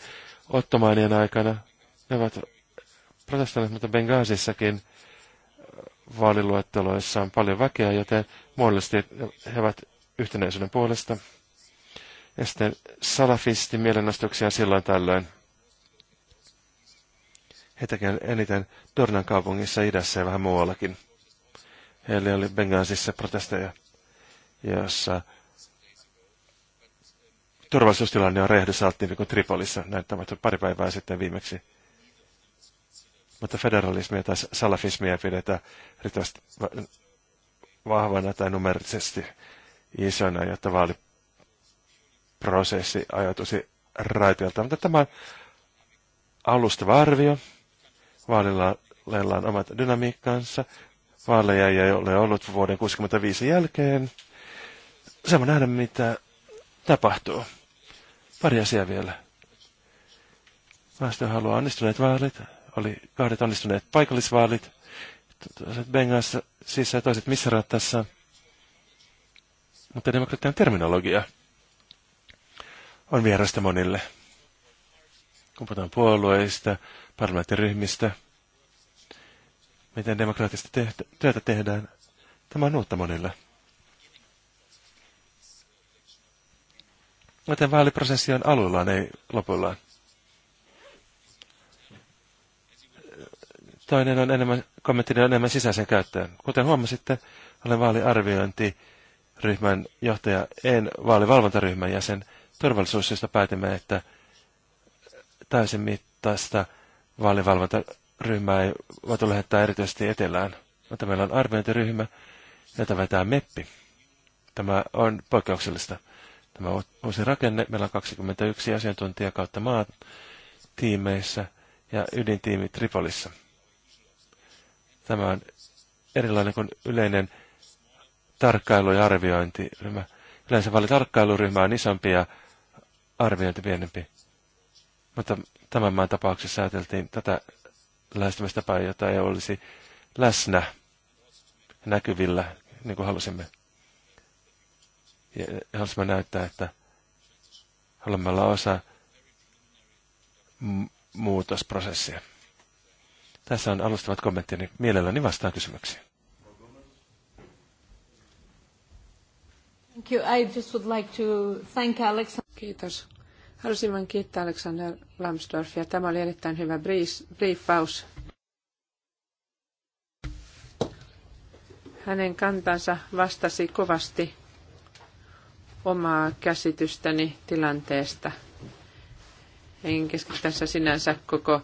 ottomaanien aikana. Ne ovat protestoineet, mutta Benghazissakin vaaliluetteloissa on paljon väkeä, joten muodollisesti he ovat yhtenäisyyden puolesta. Ja sitten salafisti mielenostuksia silloin tällöin. Heitäkin eniten Dornan kaupungissa idässä ja vähän muuallakin. Heillä oli Bengaasissa protesteja, jossa turvallisuustilanne on räjähdys niin kuin Tripolissa, näin pari päivää sitten viimeksi. Mutta federalismia tai salafismia pidetään pidetä riittävästi vahvana tai numerisesti isona, jotta vaaliprosessi ajatusi raiteilta. Mutta tämä on alustava arvio. Vaalilailla omat dynamiikkansa. Vaaleja ei ole ollut vuoden 65 jälkeen. Saamme nähdä, mitä tapahtuu. Pari asiaa vielä. Väestö haluaa onnistuneet vaalit. Oli kahdet onnistuneet paikallisvaalit. Toiset Bengassa sisä ja toiset tässä, Mutta demokratian terminologia on vierasta monille. Kun puhutaan puolueista, parlamenttiryhmistä, miten demokraattista työtä tehdään. Tämä on uutta monille. Joten vaaliprosessi on aluillaan, ei lopullaan. Toinen on enemmän, kommentti on enemmän sisäisen käyttöön. Kuten huomasitte, olen vaaliarviointiryhmän johtaja, en vaalivalvontaryhmän jäsen. Turvallisuussyistä päätimme, että täysin mittaista vaalivalvontaryhmää ei voitu lähettää erityisesti etelään, mutta meillä on arviointiryhmä, jota vetää MEPPI. Tämä on poikkeuksellista. Tämä uusi rakenne, meillä on 21 asiantuntijaa kautta maat tiimeissä ja ydintiimi Tripolissa. Tämä on erilainen kuin yleinen tarkkailu- ja arviointiryhmä. Yleensä vaali on isompi ja arviointi pienempi. Mutta tämän maan tapauksessa ajateltiin tätä lähestymistapaa, jota ei olisi läsnä näkyvillä, niin kuin halusimme. Ja halusimme näyttää, että haluamme olla osa muutosprosessia. Tässä on alustavat kommenttini. Mielelläni vastaan kysymyksiin. Thank you. I just would like to thank Alex. Kiitos. Haluaisin vain kiittää Alexander Lambsdorffia. Tämä oli erittäin hyvä briefaus. Hänen kantansa vastasi kovasti omaa käsitystäni tilanteesta. En keskity tässä sinänsä koko,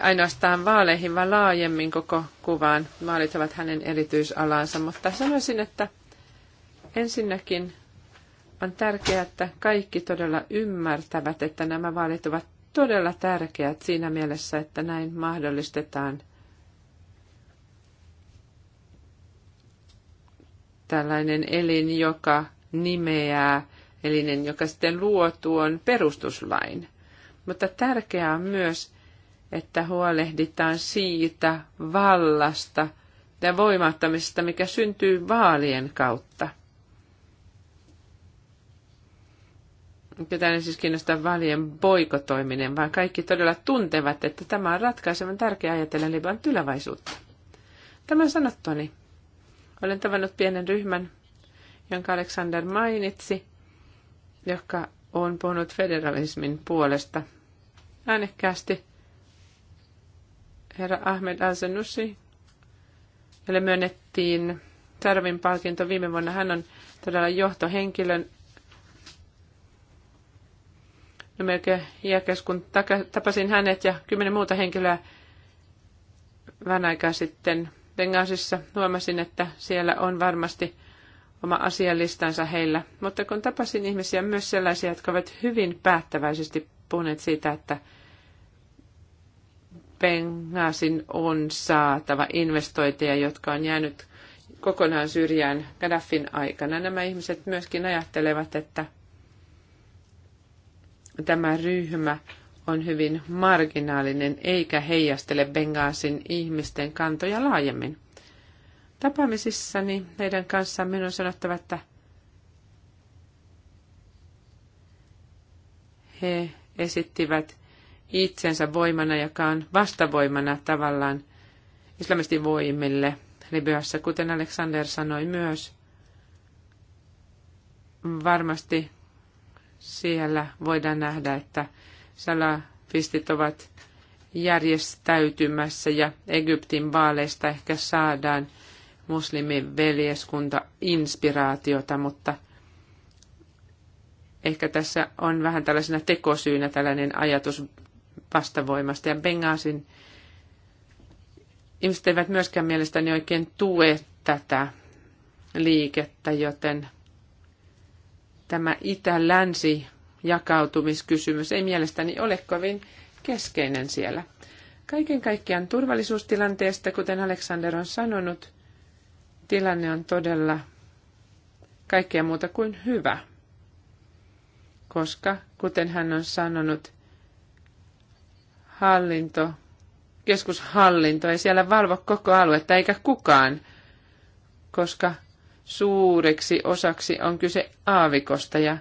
ainoastaan vaaleihin, vaan laajemmin koko kuvaan. Vaalit ovat hänen erityisalansa, mutta sanoisin, että ensinnäkin on tärkeää, että kaikki todella ymmärtävät, että nämä vaalit ovat todella tärkeät siinä mielessä, että näin mahdollistetaan tällainen elin, joka nimeää, elinen, joka sitten luo tuon perustuslain. Mutta tärkeää on myös, että huolehditaan siitä vallasta ja voimattomista, mikä syntyy vaalien kautta – pitää siis kiinnostaa vaalien boikotoiminen, vaan kaikki todella tuntevat, että tämä on ratkaisevan tärkeä ajatella Libyan tulevaisuutta. Tämän sanottuani olen tavannut pienen ryhmän, jonka Alexander mainitsi, joka on puhunut federalismin puolesta äänekkäästi. Herra Ahmed al jolle myönnettiin Tarvin palkinto viime vuonna. Hän on todella johtohenkilön No melkein iäkäs, kun tapasin hänet ja kymmenen muuta henkilöä vähän aikaa sitten Bengasissa, huomasin, että siellä on varmasti oma asialistansa heillä. Mutta kun tapasin ihmisiä, myös sellaisia, jotka ovat hyvin päättäväisesti puhuneet siitä, että Bengasin on saatava investointeja, jotka on jäänyt kokonaan syrjään Gaddafin aikana. Nämä ihmiset myöskin ajattelevat, että tämä ryhmä on hyvin marginaalinen eikä heijastele Bengaasin ihmisten kantoja laajemmin. Tapaamisissani heidän kanssaan minun on sanottava, että he esittivät itsensä voimana, joka on vastavoimana tavallaan voimille Libyassa, kuten Alexander sanoi myös. Varmasti siellä voidaan nähdä, että salafistit ovat järjestäytymässä ja Egyptin vaaleista ehkä saadaan muslimin veljeskunta inspiraatiota, mutta ehkä tässä on vähän tällaisena tekosyynä tällainen ajatus vastavoimasta. Ja Bengasin ihmiset eivät myöskään mielestäni oikein tue tätä liikettä, joten tämä itä-länsi jakautumiskysymys ei mielestäni ole kovin keskeinen siellä. Kaiken kaikkiaan turvallisuustilanteesta, kuten Alexander on sanonut, tilanne on todella kaikkea muuta kuin hyvä. Koska, kuten hän on sanonut, hallinto, keskushallinto ei siellä valvo koko aluetta eikä kukaan, koska suureksi osaksi on kyse aavikosta ja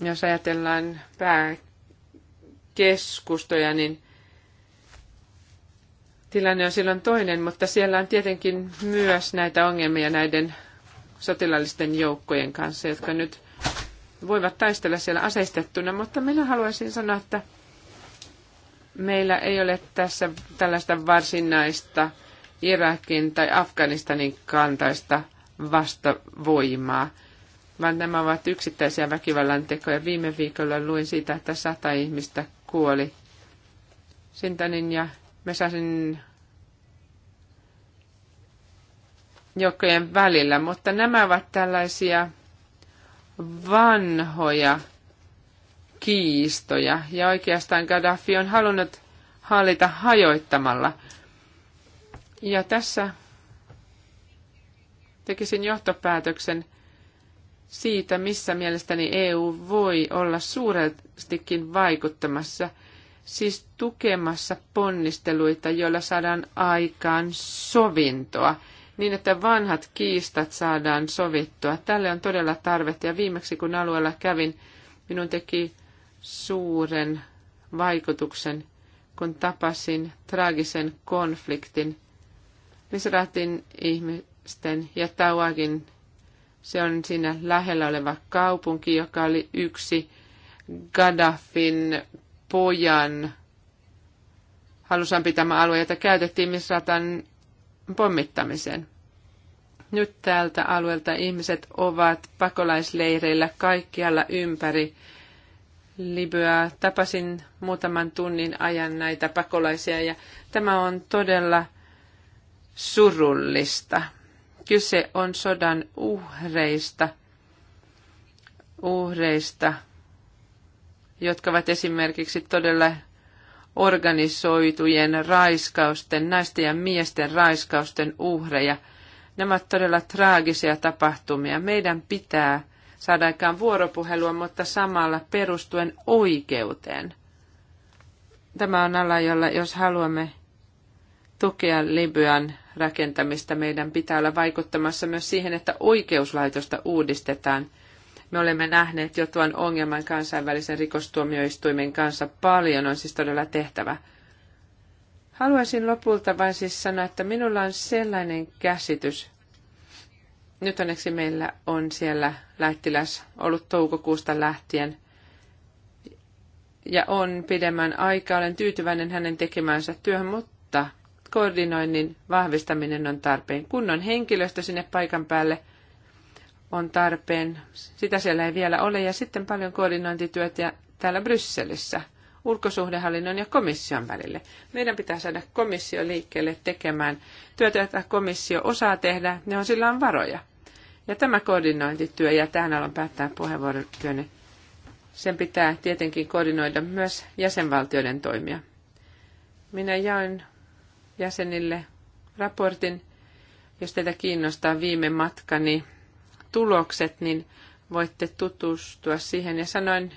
jos ajatellaan pääkeskustoja, niin tilanne on silloin toinen, mutta siellä on tietenkin myös näitä ongelmia näiden sotilaallisten joukkojen kanssa, jotka nyt voivat taistella siellä aseistettuna, mutta minä haluaisin sanoa, että meillä ei ole tässä tällaista varsinaista Irakin tai Afganistanin kantaista vastavoimaa, vaan nämä ovat yksittäisiä väkivallan tekoja. Viime viikolla luin siitä, että sata ihmistä kuoli Sintanin ja Mesasin jokojen välillä, mutta nämä ovat tällaisia vanhoja kiistoja, ja oikeastaan Gaddafi on halunnut hallita hajoittamalla. Ja tässä tekisin johtopäätöksen siitä, missä mielestäni EU voi olla suurestikin vaikuttamassa, siis tukemassa ponnisteluita, joilla saadaan aikaan sovintoa, niin että vanhat kiistat saadaan sovittua. Tälle on todella tarvetta ja viimeksi kun alueella kävin, minun teki suuren vaikutuksen, kun tapasin traagisen konfliktin Misratin niin ihmi- sitten Jatauakin. Se on siinä lähellä oleva kaupunki, joka oli yksi Gaddafin pojan halusan pitämä alue, jota käytettiin Misratan pommittamiseen. Nyt täältä alueelta ihmiset ovat pakolaisleireillä kaikkialla ympäri Libyaa. Tapasin muutaman tunnin ajan näitä pakolaisia ja tämä on todella surullista kyse on sodan uhreista, uhreista, jotka ovat esimerkiksi todella organisoitujen raiskausten, naisten ja miesten raiskausten uhreja. Nämä ovat todella traagisia tapahtumia. Meidän pitää saada aikaan vuoropuhelua, mutta samalla perustuen oikeuteen. Tämä on ala, jolla jos haluamme tukea Libyan rakentamista. Meidän pitää olla vaikuttamassa myös siihen, että oikeuslaitosta uudistetaan. Me olemme nähneet jo tuon ongelman kansainvälisen rikostuomioistuimen kanssa. Paljon on siis todella tehtävä. Haluaisin lopulta vain siis sanoa, että minulla on sellainen käsitys. Nyt onneksi meillä on siellä lähettiläs ollut toukokuusta lähtien – ja on pidemmän aikaa. Olen tyytyväinen hänen tekemänsä työhön, mutta koordinoinnin vahvistaminen on tarpeen. Kunnon henkilöstö sinne paikan päälle on tarpeen. Sitä siellä ei vielä ole. Ja sitten paljon koordinointityötä täällä Brysselissä ulkosuhdehallinnon ja komission välille. Meidän pitää saada komissio liikkeelle tekemään työtä, jota komissio osaa tehdä, ne on sillä on varoja. Ja tämä koordinointityö, ja tähän haluan päättää puheenvuorotyönne, sen pitää tietenkin koordinoida myös jäsenvaltioiden toimia. Minä jaoin jäsenille raportin. Jos teitä kiinnostaa viime matkani tulokset, niin voitte tutustua siihen. Ja sanoin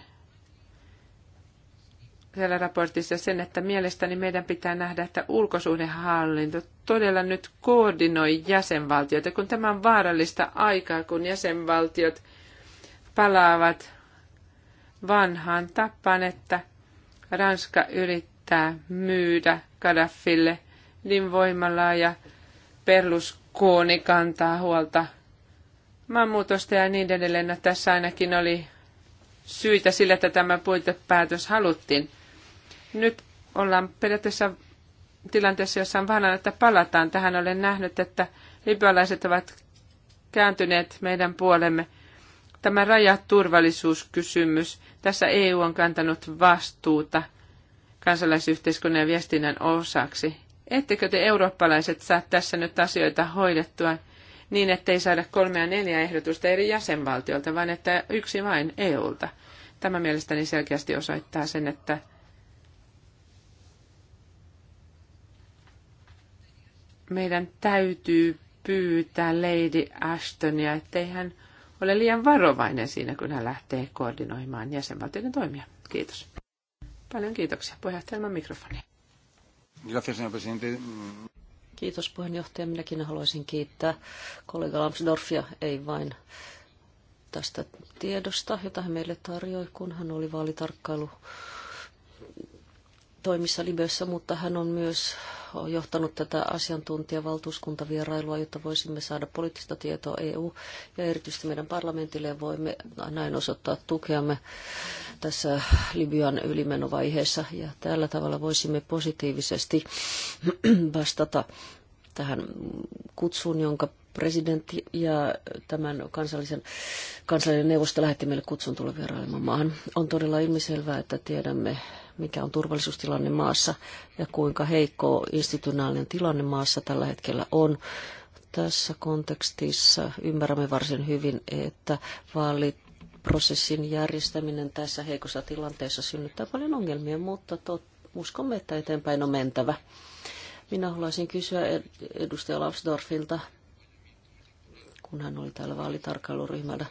siellä raportissa sen, että mielestäni meidän pitää nähdä, että ulkosuhdehallinto todella nyt koordinoi jäsenvaltioita, kun tämä on vaarallista aikaa, kun jäsenvaltiot palaavat vanhaan tapaan, että Ranska yrittää myydä Gaddafille – voimalla ja Perluskooni kantaa huolta maanmuutosta ja niin edelleen. No, tässä ainakin oli syitä sillä, että tämä puitepäätös haluttiin. Nyt ollaan periaatteessa tilanteessa, jossa on vaarana, että palataan tähän. Olen nähnyt, että libyalaiset ovat kääntyneet meidän puolemme. Tämä rajaturvallisuuskysymys. Tässä EU on kantanut vastuuta kansalaisyhteiskunnan ja viestinnän osaksi. Ettekö te eurooppalaiset saa tässä nyt asioita hoidettua niin, ettei saada kolmea neljä ehdotusta eri jäsenvaltiolta, vaan että yksi vain EUlta? Tämä mielestäni selkeästi osoittaa sen, että meidän täytyy pyytää Lady Ashtonia, ettei hän ole liian varovainen siinä, kun hän lähtee koordinoimaan jäsenvaltioiden toimia. Kiitos. Paljon kiitoksia. Puheenjohtajan mikrofoni. Kiitos puheenjohtaja. Minäkin haluaisin kiittää kollega Lambsdorffia, ei vain tästä tiedosta, jota hän meille tarjoi, kun hän oli vaalitarkkailu toimissa Libyassa, mutta hän on myös johtanut tätä asiantuntijavaltuuskuntavierailua, jotta voisimme saada poliittista tietoa EU- ja erityisesti meidän parlamentille voimme näin osoittaa tukeamme tässä Libyan ylimenovaiheessa ja tällä tavalla voisimme positiivisesti vastata tähän kutsuun, jonka presidentti ja tämän kansallisen, kansallinen neuvosto lähetti meille kutsun tulevierailemaan maahan. On todella ilmiselvää, että tiedämme mikä on turvallisuustilanne maassa ja kuinka heikko institutionaalinen tilanne maassa tällä hetkellä on. Tässä kontekstissa ymmärrämme varsin hyvin, että vaaliprosessin järjestäminen tässä heikossa tilanteessa synnyttää paljon ongelmia, mutta tot, uskomme, että eteenpäin on mentävä. Minä haluaisin kysyä edustaja Lapsdorfilta, kun hän oli täällä vaalitarkkailuryhmällä.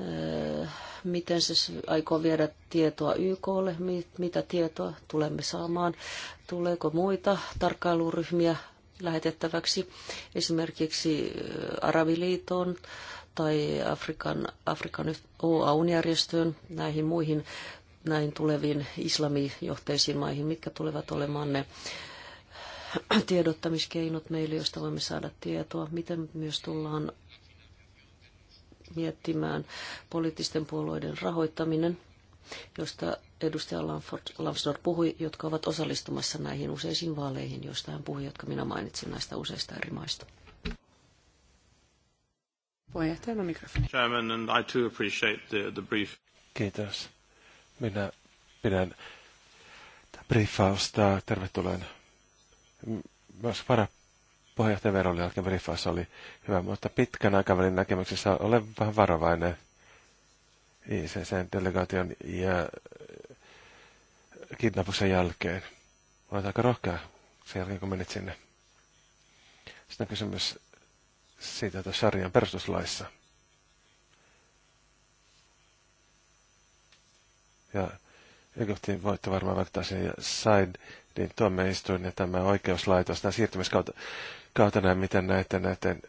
Äh, miten se aikoo viedä tietoa YKlle, mitä tietoa tulemme saamaan, tuleeko muita tarkkailuryhmiä lähetettäväksi esimerkiksi äh, Arabiliiton tai Afrikan, Afrikan oau järjestöön näihin muihin näin tuleviin islamijohteisiin maihin, mitkä tulevat olemaan ne äh, tiedottamiskeinot meille, joista voimme saada tietoa, miten myös tullaan miettimään poliittisten puolueiden rahoittaminen, josta edustaja Lamsdor puhui, jotka ovat osallistumassa näihin useisiin vaaleihin, joista hän puhui, jotka minä mainitsin näistä useista eri maista. Puheenjohtajana mikrofoni. Chairman, and I too appreciate the, the brief. Kiitos. Minä pidän briefausta tervetulleen. Myös varapuheenjohtaja puheenjohtajan verollinen jälkeen oli hyvä, mutta pitkän aikavälin näkemyksessä olen vähän varovainen ICC-delegaation ja äh, kidnappuksen jälkeen. Olet aika rohkea sen jälkeen, kun menit sinne. Sitten on kysymys siitä, että sarjan perustuslaissa. Ja Egyptin voitto varmaan välttää sen ja Saidin tuomioistuin ja tämä oikeuslaitos, nämä siirtymiskautta kautena, miten näitä näiden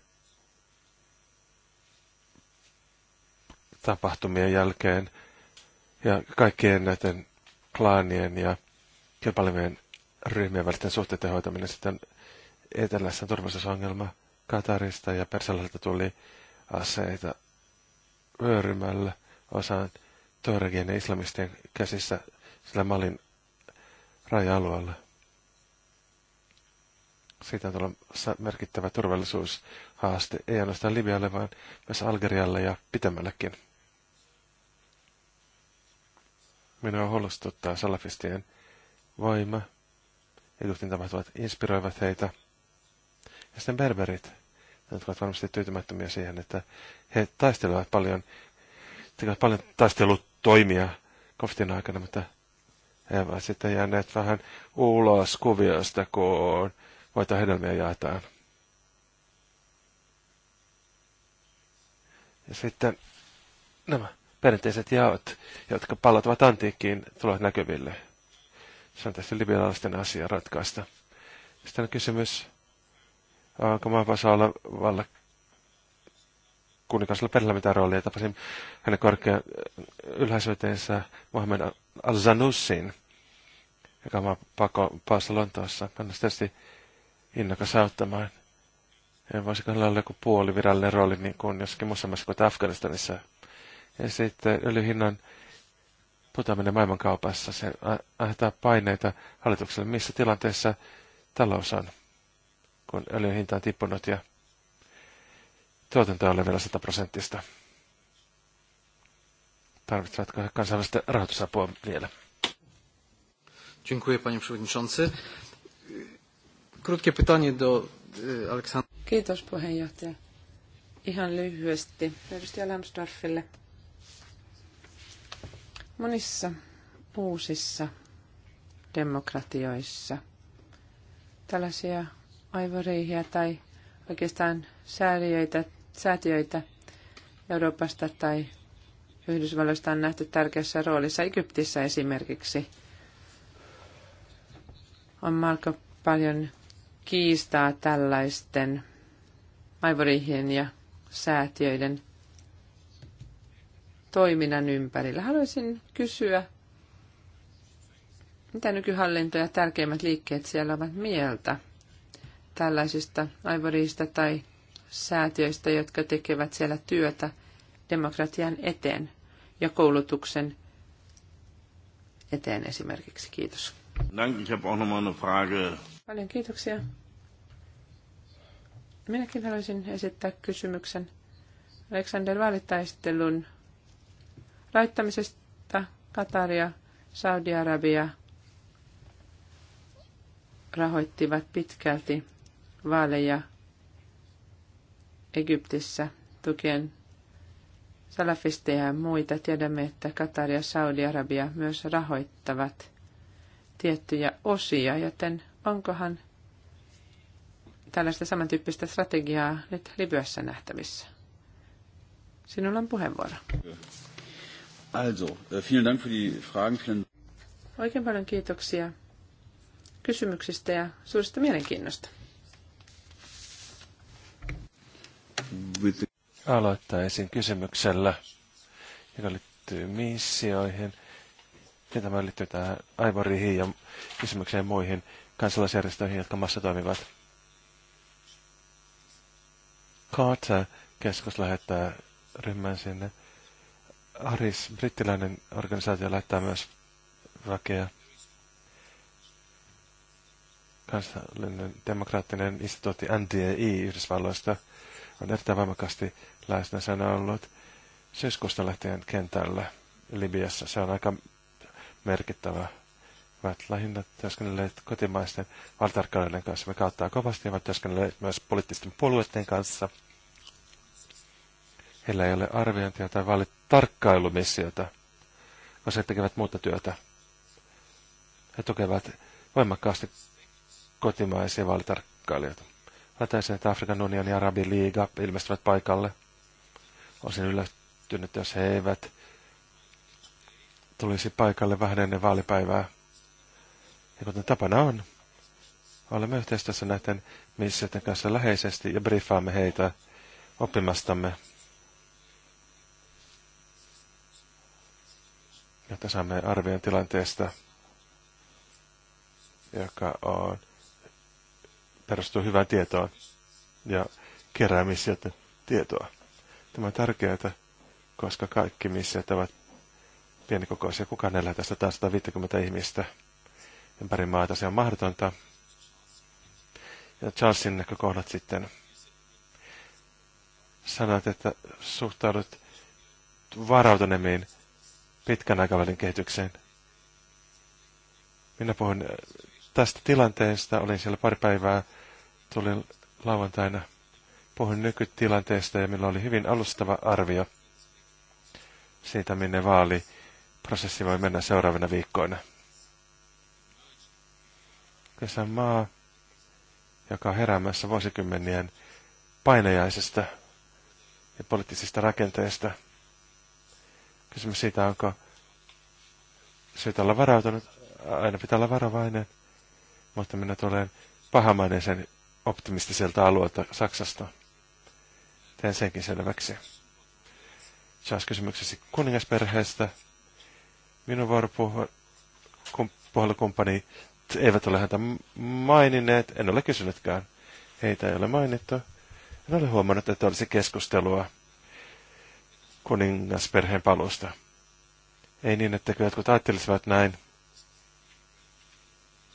tapahtumien jälkeen ja kaikkien näiden klaanien ja kilpailevien ryhmien välisten suhteiden hoitaminen sitten etelässä turvallisuusongelma. Katarista ja Persialaiselta tuli aseita vyörymällä osaan Tuoregien ja islamistien käsissä sillä Malin raja-alueella siitä on tullut merkittävä turvallisuushaaste, ei ainoastaan Libialle, vaan myös Algerialle ja pitemmällekin. Minua huolestuttaa salafistien voima. Egyptin tapahtuvat inspiroivat heitä. Ja sitten berberit, jotka ovat varmasti tyytymättömiä siihen, että he taistelevat paljon, tekevät paljon taistelutoimia koftin aikana, mutta he ovat sitten jääneet vähän ulos kuviosta, kun että hedelmiä jaetaan. Ja sitten nämä perinteiset jaot, jotka palautuvat antiikkiin, tulevat näkyville. Se on tässä liberaalisten asia ratkaista. Sitten on kysymys, onko olla valla kuninkaisella perillä mitään roolia. Tapasin hänen korkean ylhäisyyteensä Mohamed Al-Zanussin, joka on maanpaassa Lontoossa. Hän on tietysti innokas auttamaan. Ja voisiko hänellä olla joku puolivirallinen rooli, niin kuin jossakin muussa maassa kuin Afganistanissa. Ja sitten öljyhinnan putoaminen maailmankaupassa, se aiheuttaa paineita hallitukselle, missä tilanteessa talous on, kun öljyn hinta on tippunut ja tuotanto on vielä 100 prosenttista. Tarvitsevatko kansainvälistä rahoitusapua vielä? Dziękuję, panie przewodniczący. Krótkie pytanie do Aleksandra. Kiitos puheenjohtaja. Ihan lyhyesti edustaja Lambsdorffille. Monissa uusissa demokratioissa tällaisia aivoreihiä tai oikeastaan säätiöitä, säätiöitä Euroopasta tai Yhdysvalloista on nähty tärkeässä roolissa. Egyptissä esimerkiksi on melko paljon kiistaa tällaisten aivorihien ja säätiöiden toiminnan ympärillä. Haluaisin kysyä, mitä nykyhallinto ja tärkeimmät liikkeet siellä ovat mieltä tällaisista aivoriista tai säätiöistä, jotka tekevät siellä työtä demokratian eteen ja koulutuksen eteen esimerkiksi. Kiitos. ich habe auch eine Frage Paljon kiitoksia. Minäkin haluaisin esittää kysymyksen Alexander Valittaistelun laittamisesta Kataria, Saudi-Arabia rahoittivat pitkälti vaaleja Egyptissä tukien salafisteja ja muita. Tiedämme, että Katar ja Saudi-Arabia myös rahoittavat tiettyjä osia, joten Onkohan tällaista samantyyppistä strategiaa nyt Libyassa nähtävissä? Sinulla on puheenvuoro. Also, äh, vielen Dank für die Fragen. Vielen... Oikein paljon kiitoksia kysymyksistä ja suuresta mielenkiinnosta. Aloittaisin kysymyksellä, joka liittyy missioihin. Ja tämä liittyy tähän Aivorihin ja kysymykseen muihin kansalaisjärjestöihin, jotka maassa toimivat. Carter-keskus lähettää ryhmän sinne. Aris, brittiläinen organisaatio, lähettää myös väkeä. Kansallinen demokraattinen instituutti NDI Yhdysvalloista on erittäin voimakkaasti läsnä. Se on ollut syyskuusta lähtien kentällä Libiassa. Se on aika merkittävä ovat lähinnä työskennelleet kotimaisten valtarkkaiden kanssa. Me kauttaa kovasti ja ovat työskennelleet myös poliittisten puolueiden kanssa. Heillä ei ole arviointia tai tarkkailumissiota, koska he tekevät muuta työtä. He tukevat voimakkaasti kotimaisia vaalitarkkailijoita. Lätäisen, että Afrikan unioni ja liiga ilmestyvät paikalle. Olisin yllättynyt, jos he eivät tulisi paikalle vähän ennen vaalipäivää. Ja kuten tapana on, olemme yhteistyössä näiden missioiden kanssa läheisesti ja briefaamme heitä oppimastamme. Jotta saamme arvion tilanteesta, joka on, perustuu hyvään tietoon ja kerää missioiden tietoa. Tämä on tärkeää, koska kaikki missiot ovat pienikokoisia. Kukaan ei lähetä 150 ihmistä ympäri maata. Se on mahdotonta. Ja Charlesin näkökohdat sitten sanat, että suhtaudut varautuneemmin pitkän aikavälin kehitykseen. Minä puhun äh, tästä tilanteesta. Olin siellä pari päivää, tulin lauantaina. Puhun nykytilanteesta ja minulla oli hyvin alustava arvio siitä, minne vaali prosessi voi mennä seuraavina viikkoina kesän maa, joka on heräämässä vuosikymmenien painajaisesta ja poliittisista rakenteista. Kysymys siitä, onko syytä olla varautunut, aina pitää olla varovainen, mutta minä tulen pahamainen sen optimistiselta alueelta Saksasta. Teen senkin selväksi. Charles kysymyksesi kuningasperheestä. Minun vuoropuhelukumppani eivät ole häntä maininneet. En ole kysynytkään. Heitä ei ole mainittu. En ole huomannut, että olisi keskustelua kuningasperheen palusta. Ei niin, että jotkut ajattelisivat näin,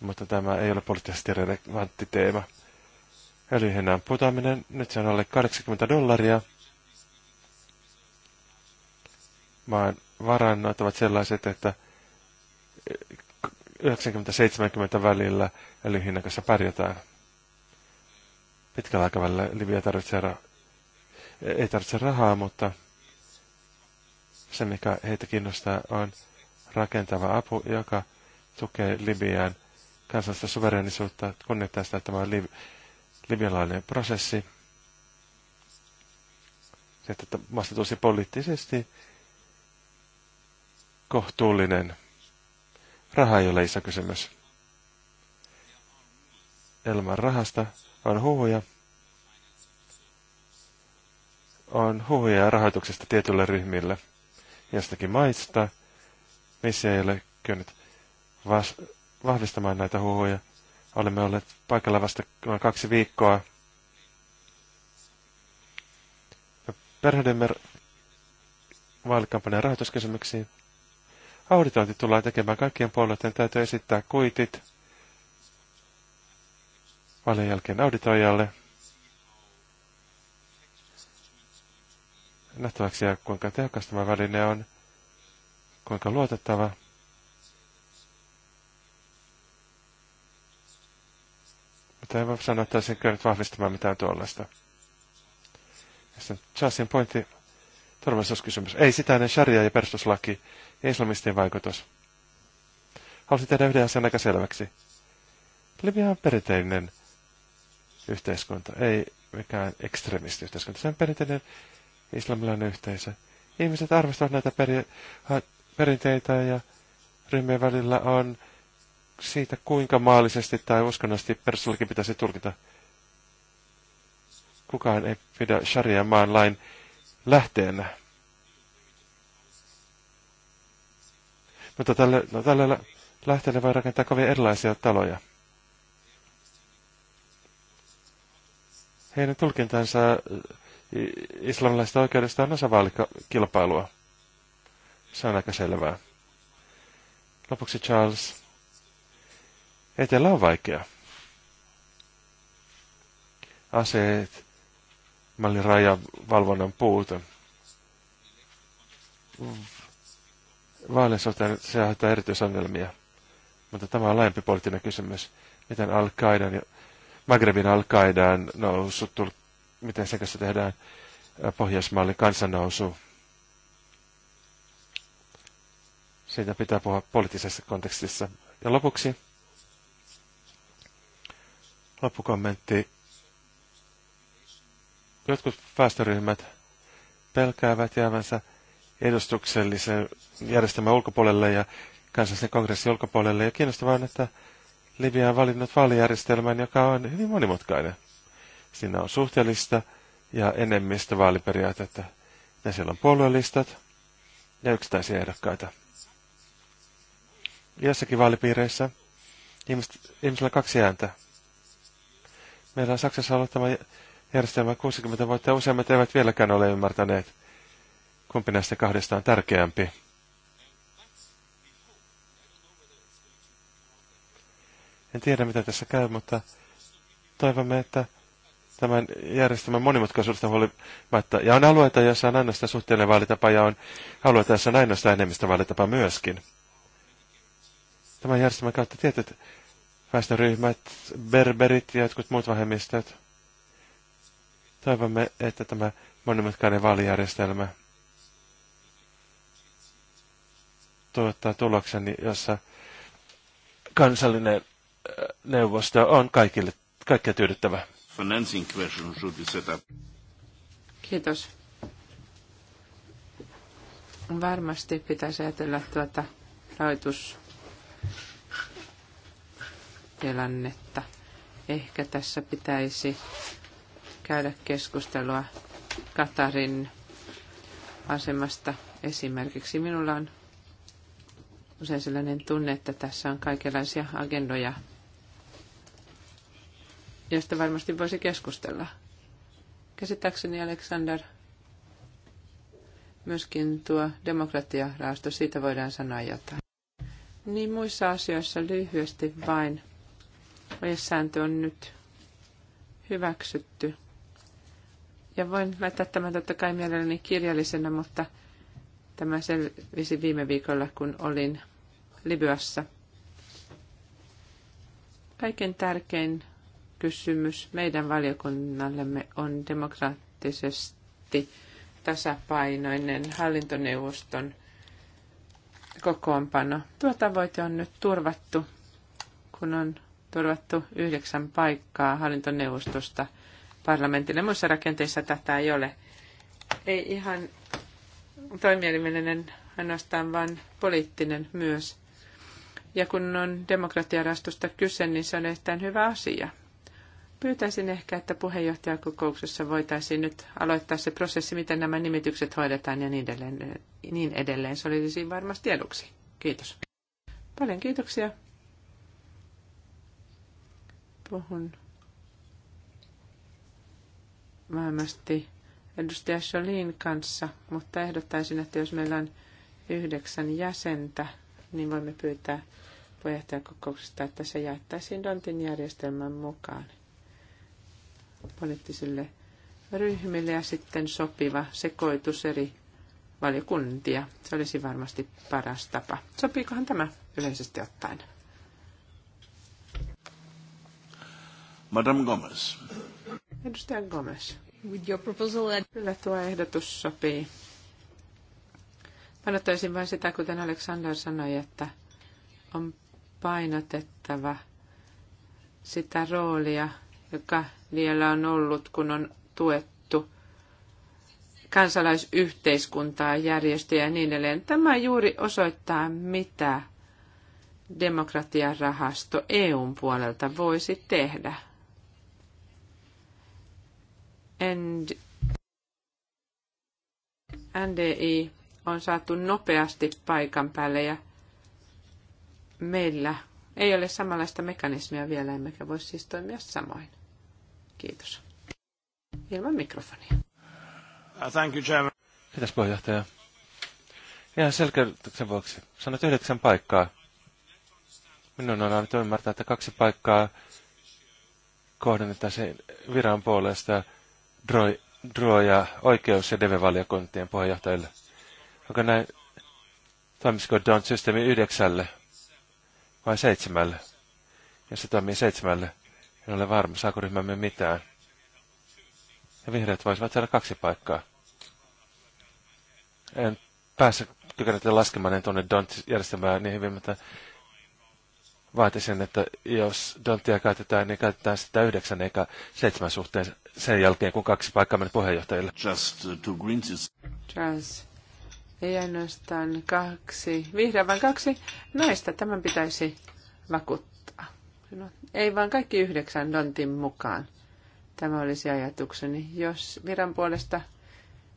mutta tämä ei ole poliittisesti relevantti teema. Öljyhinnan putoaminen, nyt se on alle 80 dollaria. Maan varannot ovat sellaiset, että 90-70 välillä öljyhinnan kanssa pärjätään. Pitkällä aikavälillä Libya tarvitsee ra- ei tarvitse rahaa, mutta se, mikä heitä kiinnostaa, on rakentava apu, joka tukee Libyan kansallista suverenisuutta, kunnioittaa sitä, että tämä on lib- prosessi. Se, että maasta tosi poliittisesti kohtuullinen Raha ei ole iso kysymys. elman rahasta on huhuja. On huhuja rahoituksesta tietylle ryhmille jostakin maista, missä ei ole kyennyt vahvistamaan näitä huhuja. Olemme olleet paikalla vasta noin kaksi viikkoa. Me vaalikampanjan rahoituskysymyksiin. Auditointi tullaan tekemään. Kaikkien puolueiden täytyy esittää kuitit vaalien jälkeen auditoijalle. Nähtäväksi ja kuinka tehokas tämä väline on, kuinka luotettava. Mutta ei voi sanoa, että olisin nyt vahvistamaan mitään tuollaista. Ja sitten Chasin pointti turvallisuuskysymys. Ei sitä ennen sharia ja perustuslaki ja islamistien vaikutus. Haluaisin tehdä yhden asian aika selväksi. Libya on perinteinen yhteiskunta, ei mikään ekstremisti yhteiskunta. Se on perinteinen islamilainen yhteisö. Ihmiset arvostavat näitä peri- perinteitä ja ryhmien välillä on siitä, kuinka maallisesti tai uskonnollisesti perustuslaki pitäisi tulkita. Kukaan ei pidä sharia maan lain lähteenä. Mutta tälle, no tälle lähteelle voi rakentaa kovin erilaisia taloja. Heidän tulkintansa islamilaisesta oikeudesta on osa vaalikilpailua. Se on aika selvää. Lopuksi Charles. Etelä on vaikea. Aseet, Mä rajavalvonnan puute. Vaaleissa on se aiheuttaa erityisongelmia. Mutta tämä on laajempi poliittinen kysymys. Miten al ja Magrebin al nousu, miten sen kanssa tehdään Pohjoismallin kansannousu? Siitä pitää puhua poliittisessa kontekstissa. Ja lopuksi loppukommentti Jotkut väestöryhmät pelkäävät jäävänsä edustuksellisen järjestelmän ulkopuolelle ja kansallisen kongressin ulkopuolelle. Ja kiinnostavaa on, että Libya on valinnut vaalijärjestelmän, joka on hyvin monimutkainen. Siinä on suhteellista ja enemmistö vaaliperiaatetta. Ja siellä on puoluelistat ja yksittäisiä ehdokkaita. Jossakin vaalipiireissä ihmiset, ihmisillä on kaksi ääntä. Meillä on Saksassa ollut tämä järjestelmä 60 vuotta useimmat eivät vieläkään ole ymmärtäneet, kumpi näistä kahdesta on tärkeämpi. En tiedä, mitä tässä käy, mutta toivomme, että tämän järjestelmän monimutkaisuudesta huolimatta, ja on alueita, joissa on aina sitä suhteellinen vaalitapa, ja on alueita, joissa on aina sitä enemmistö vaalitapa myöskin. Tämän järjestelmän kautta tietyt väestöryhmät, berberit ja jotkut muut vähemmistöt, Toivomme, että tämä monimutkainen vaalijärjestelmä tuottaa tuloksen, jossa kansallinen äh, neuvosto on kaikille, kaikkea tyydyttävä. Kiitos. Varmasti pitäisi ajatella tuota rahoitustilannetta. Ehkä tässä pitäisi käydä keskustelua Katarin asemasta esimerkiksi. Minulla on usein sellainen tunne, että tässä on kaikenlaisia agendoja, joista varmasti voisi keskustella. Käsittääkseni Alexander myöskin tuo demokratiarahasto, siitä voidaan sanoa jotain. Niin muissa asioissa lyhyesti vain. Ojesääntö on nyt hyväksytty. Ja voin väittää tämän totta kai mielelläni kirjallisena, mutta tämä selvisi viime viikolla, kun olin Libyassa. Kaiken tärkein kysymys meidän valiokunnallemme on demokraattisesti tasapainoinen hallintoneuvoston kokoonpano. Tuo tavoite on nyt turvattu, kun on turvattu yhdeksän paikkaa hallintoneuvostosta – parlamentille. Muissa rakenteissa tätä ei ole. Ei ihan toimielimellinen ainoastaan, vaan poliittinen myös. Ja kun on demokratiarastusta kyse, niin se on erittäin hyvä asia. Pyytäisin ehkä, että puheenjohtajakokouksessa voitaisiin nyt aloittaa se prosessi, miten nämä nimitykset hoidetaan ja niin edelleen. Niin edelleen. Se olisi varmasti eduksi. Kiitos. Paljon kiitoksia. Puhun varmasti edustaja Jolin kanssa, mutta ehdottaisin, että jos meillä on yhdeksän jäsentä, niin voimme pyytää puheenjohtajakokouksesta, että se jaettaisiin Dontin järjestelmän mukaan poliittisille ryhmille ja sitten sopiva sekoitus eri valiokuntia. Se olisi varmasti paras tapa. Sopiikohan tämä yleisesti ottaen? Madame Gomez. Edustaja Gomes. With your proposal that... Kyllä tuo ehdotus sopii. Painottaisin vain sitä, kuten Alexander sanoi, että on painotettava sitä roolia, joka vielä on ollut, kun on tuettu kansalaisyhteiskuntaa, järjestöjä ja niin edelleen. Tämä juuri osoittaa, mitä demokratiarahasto EUn puolelta voisi tehdä and, NDI on saatu nopeasti paikan päälle ja meillä ei ole samanlaista mekanismia vielä, emmekä voi siis toimia samoin. Kiitos. Ilman mikrofonia. Uh, thank you, Chairman. Kiitos puheenjohtaja. Ihan selkeytyksen vuoksi. Sanoit yhdeksän paikkaa. Minun on annettu ymmärtää, että kaksi paikkaa sen viran puolesta DRO ja oikeus- ja DEVE-valiokuntien puheenjohtajille. Onko näin, toimisiko DON systeemi yhdeksälle vai seitsemälle? Jos se toimii seitsemälle, en ole varma, saako ryhmämme mitään. Ja vihreät voisivat saada kaksi paikkaa. En pääse kykene laskemaan, en tunne DON järjestelmää niin hyvin, mutta vaatisin, että jos Dontia käytetään, niin käytetään sitä yhdeksän eikä seitsemän suhteen sen jälkeen, kun kaksi paikkaa meni puheenjohtajille. Just uh, two Greens. Trans. Ei ainoastaan kaksi. Vihreä vaan kaksi naista. Tämän pitäisi vakuuttaa. No, ei vaan kaikki yhdeksän Dontin mukaan. Tämä olisi ajatukseni. Jos viran puolesta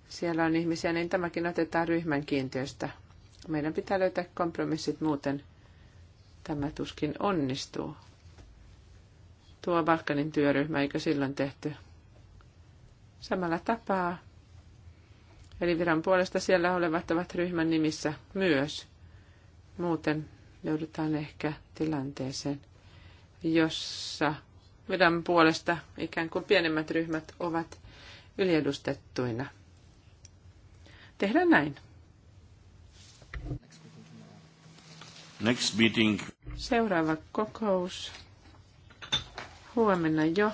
siellä on ihmisiä, niin tämäkin otetaan ryhmän kiintiöstä. Meidän pitää löytää kompromissit muuten tämä tuskin onnistuu. Tuo Balkanin työryhmä, eikö silloin tehty samalla tapaa? Eli viran puolesta siellä olevat ovat ryhmän nimissä myös. Muuten joudutaan ehkä tilanteeseen, jossa viran puolesta ikään kuin pienemmät ryhmät ovat yliedustettuina. Tehdään näin. Next meeting. Seuraava kokous huomenna jo.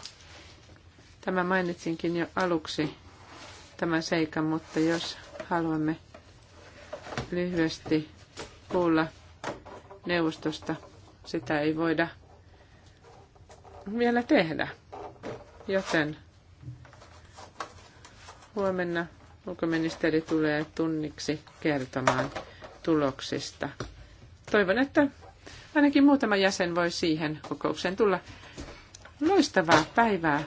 Tämä mainitsinkin jo aluksi tämän seikan, mutta jos haluamme lyhyesti kuulla neuvostosta, sitä ei voida vielä tehdä. Joten huomenna ulkoministeri tulee tunniksi kertomaan tuloksista. Toivon, että ainakin muutama jäsen voi siihen kokoukseen tulla. Loistavaa päivää.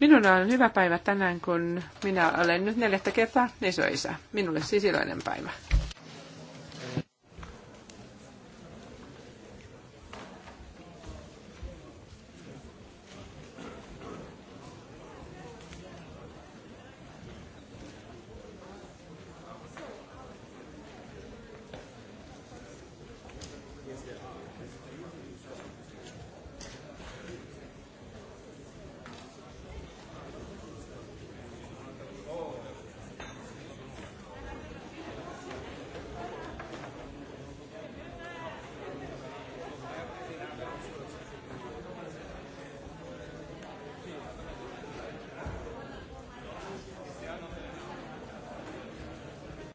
minun on hyvä päivä tänään, kun minä olen nyt neljättä kertaa isoisä. Minulle siis iloinen päivä.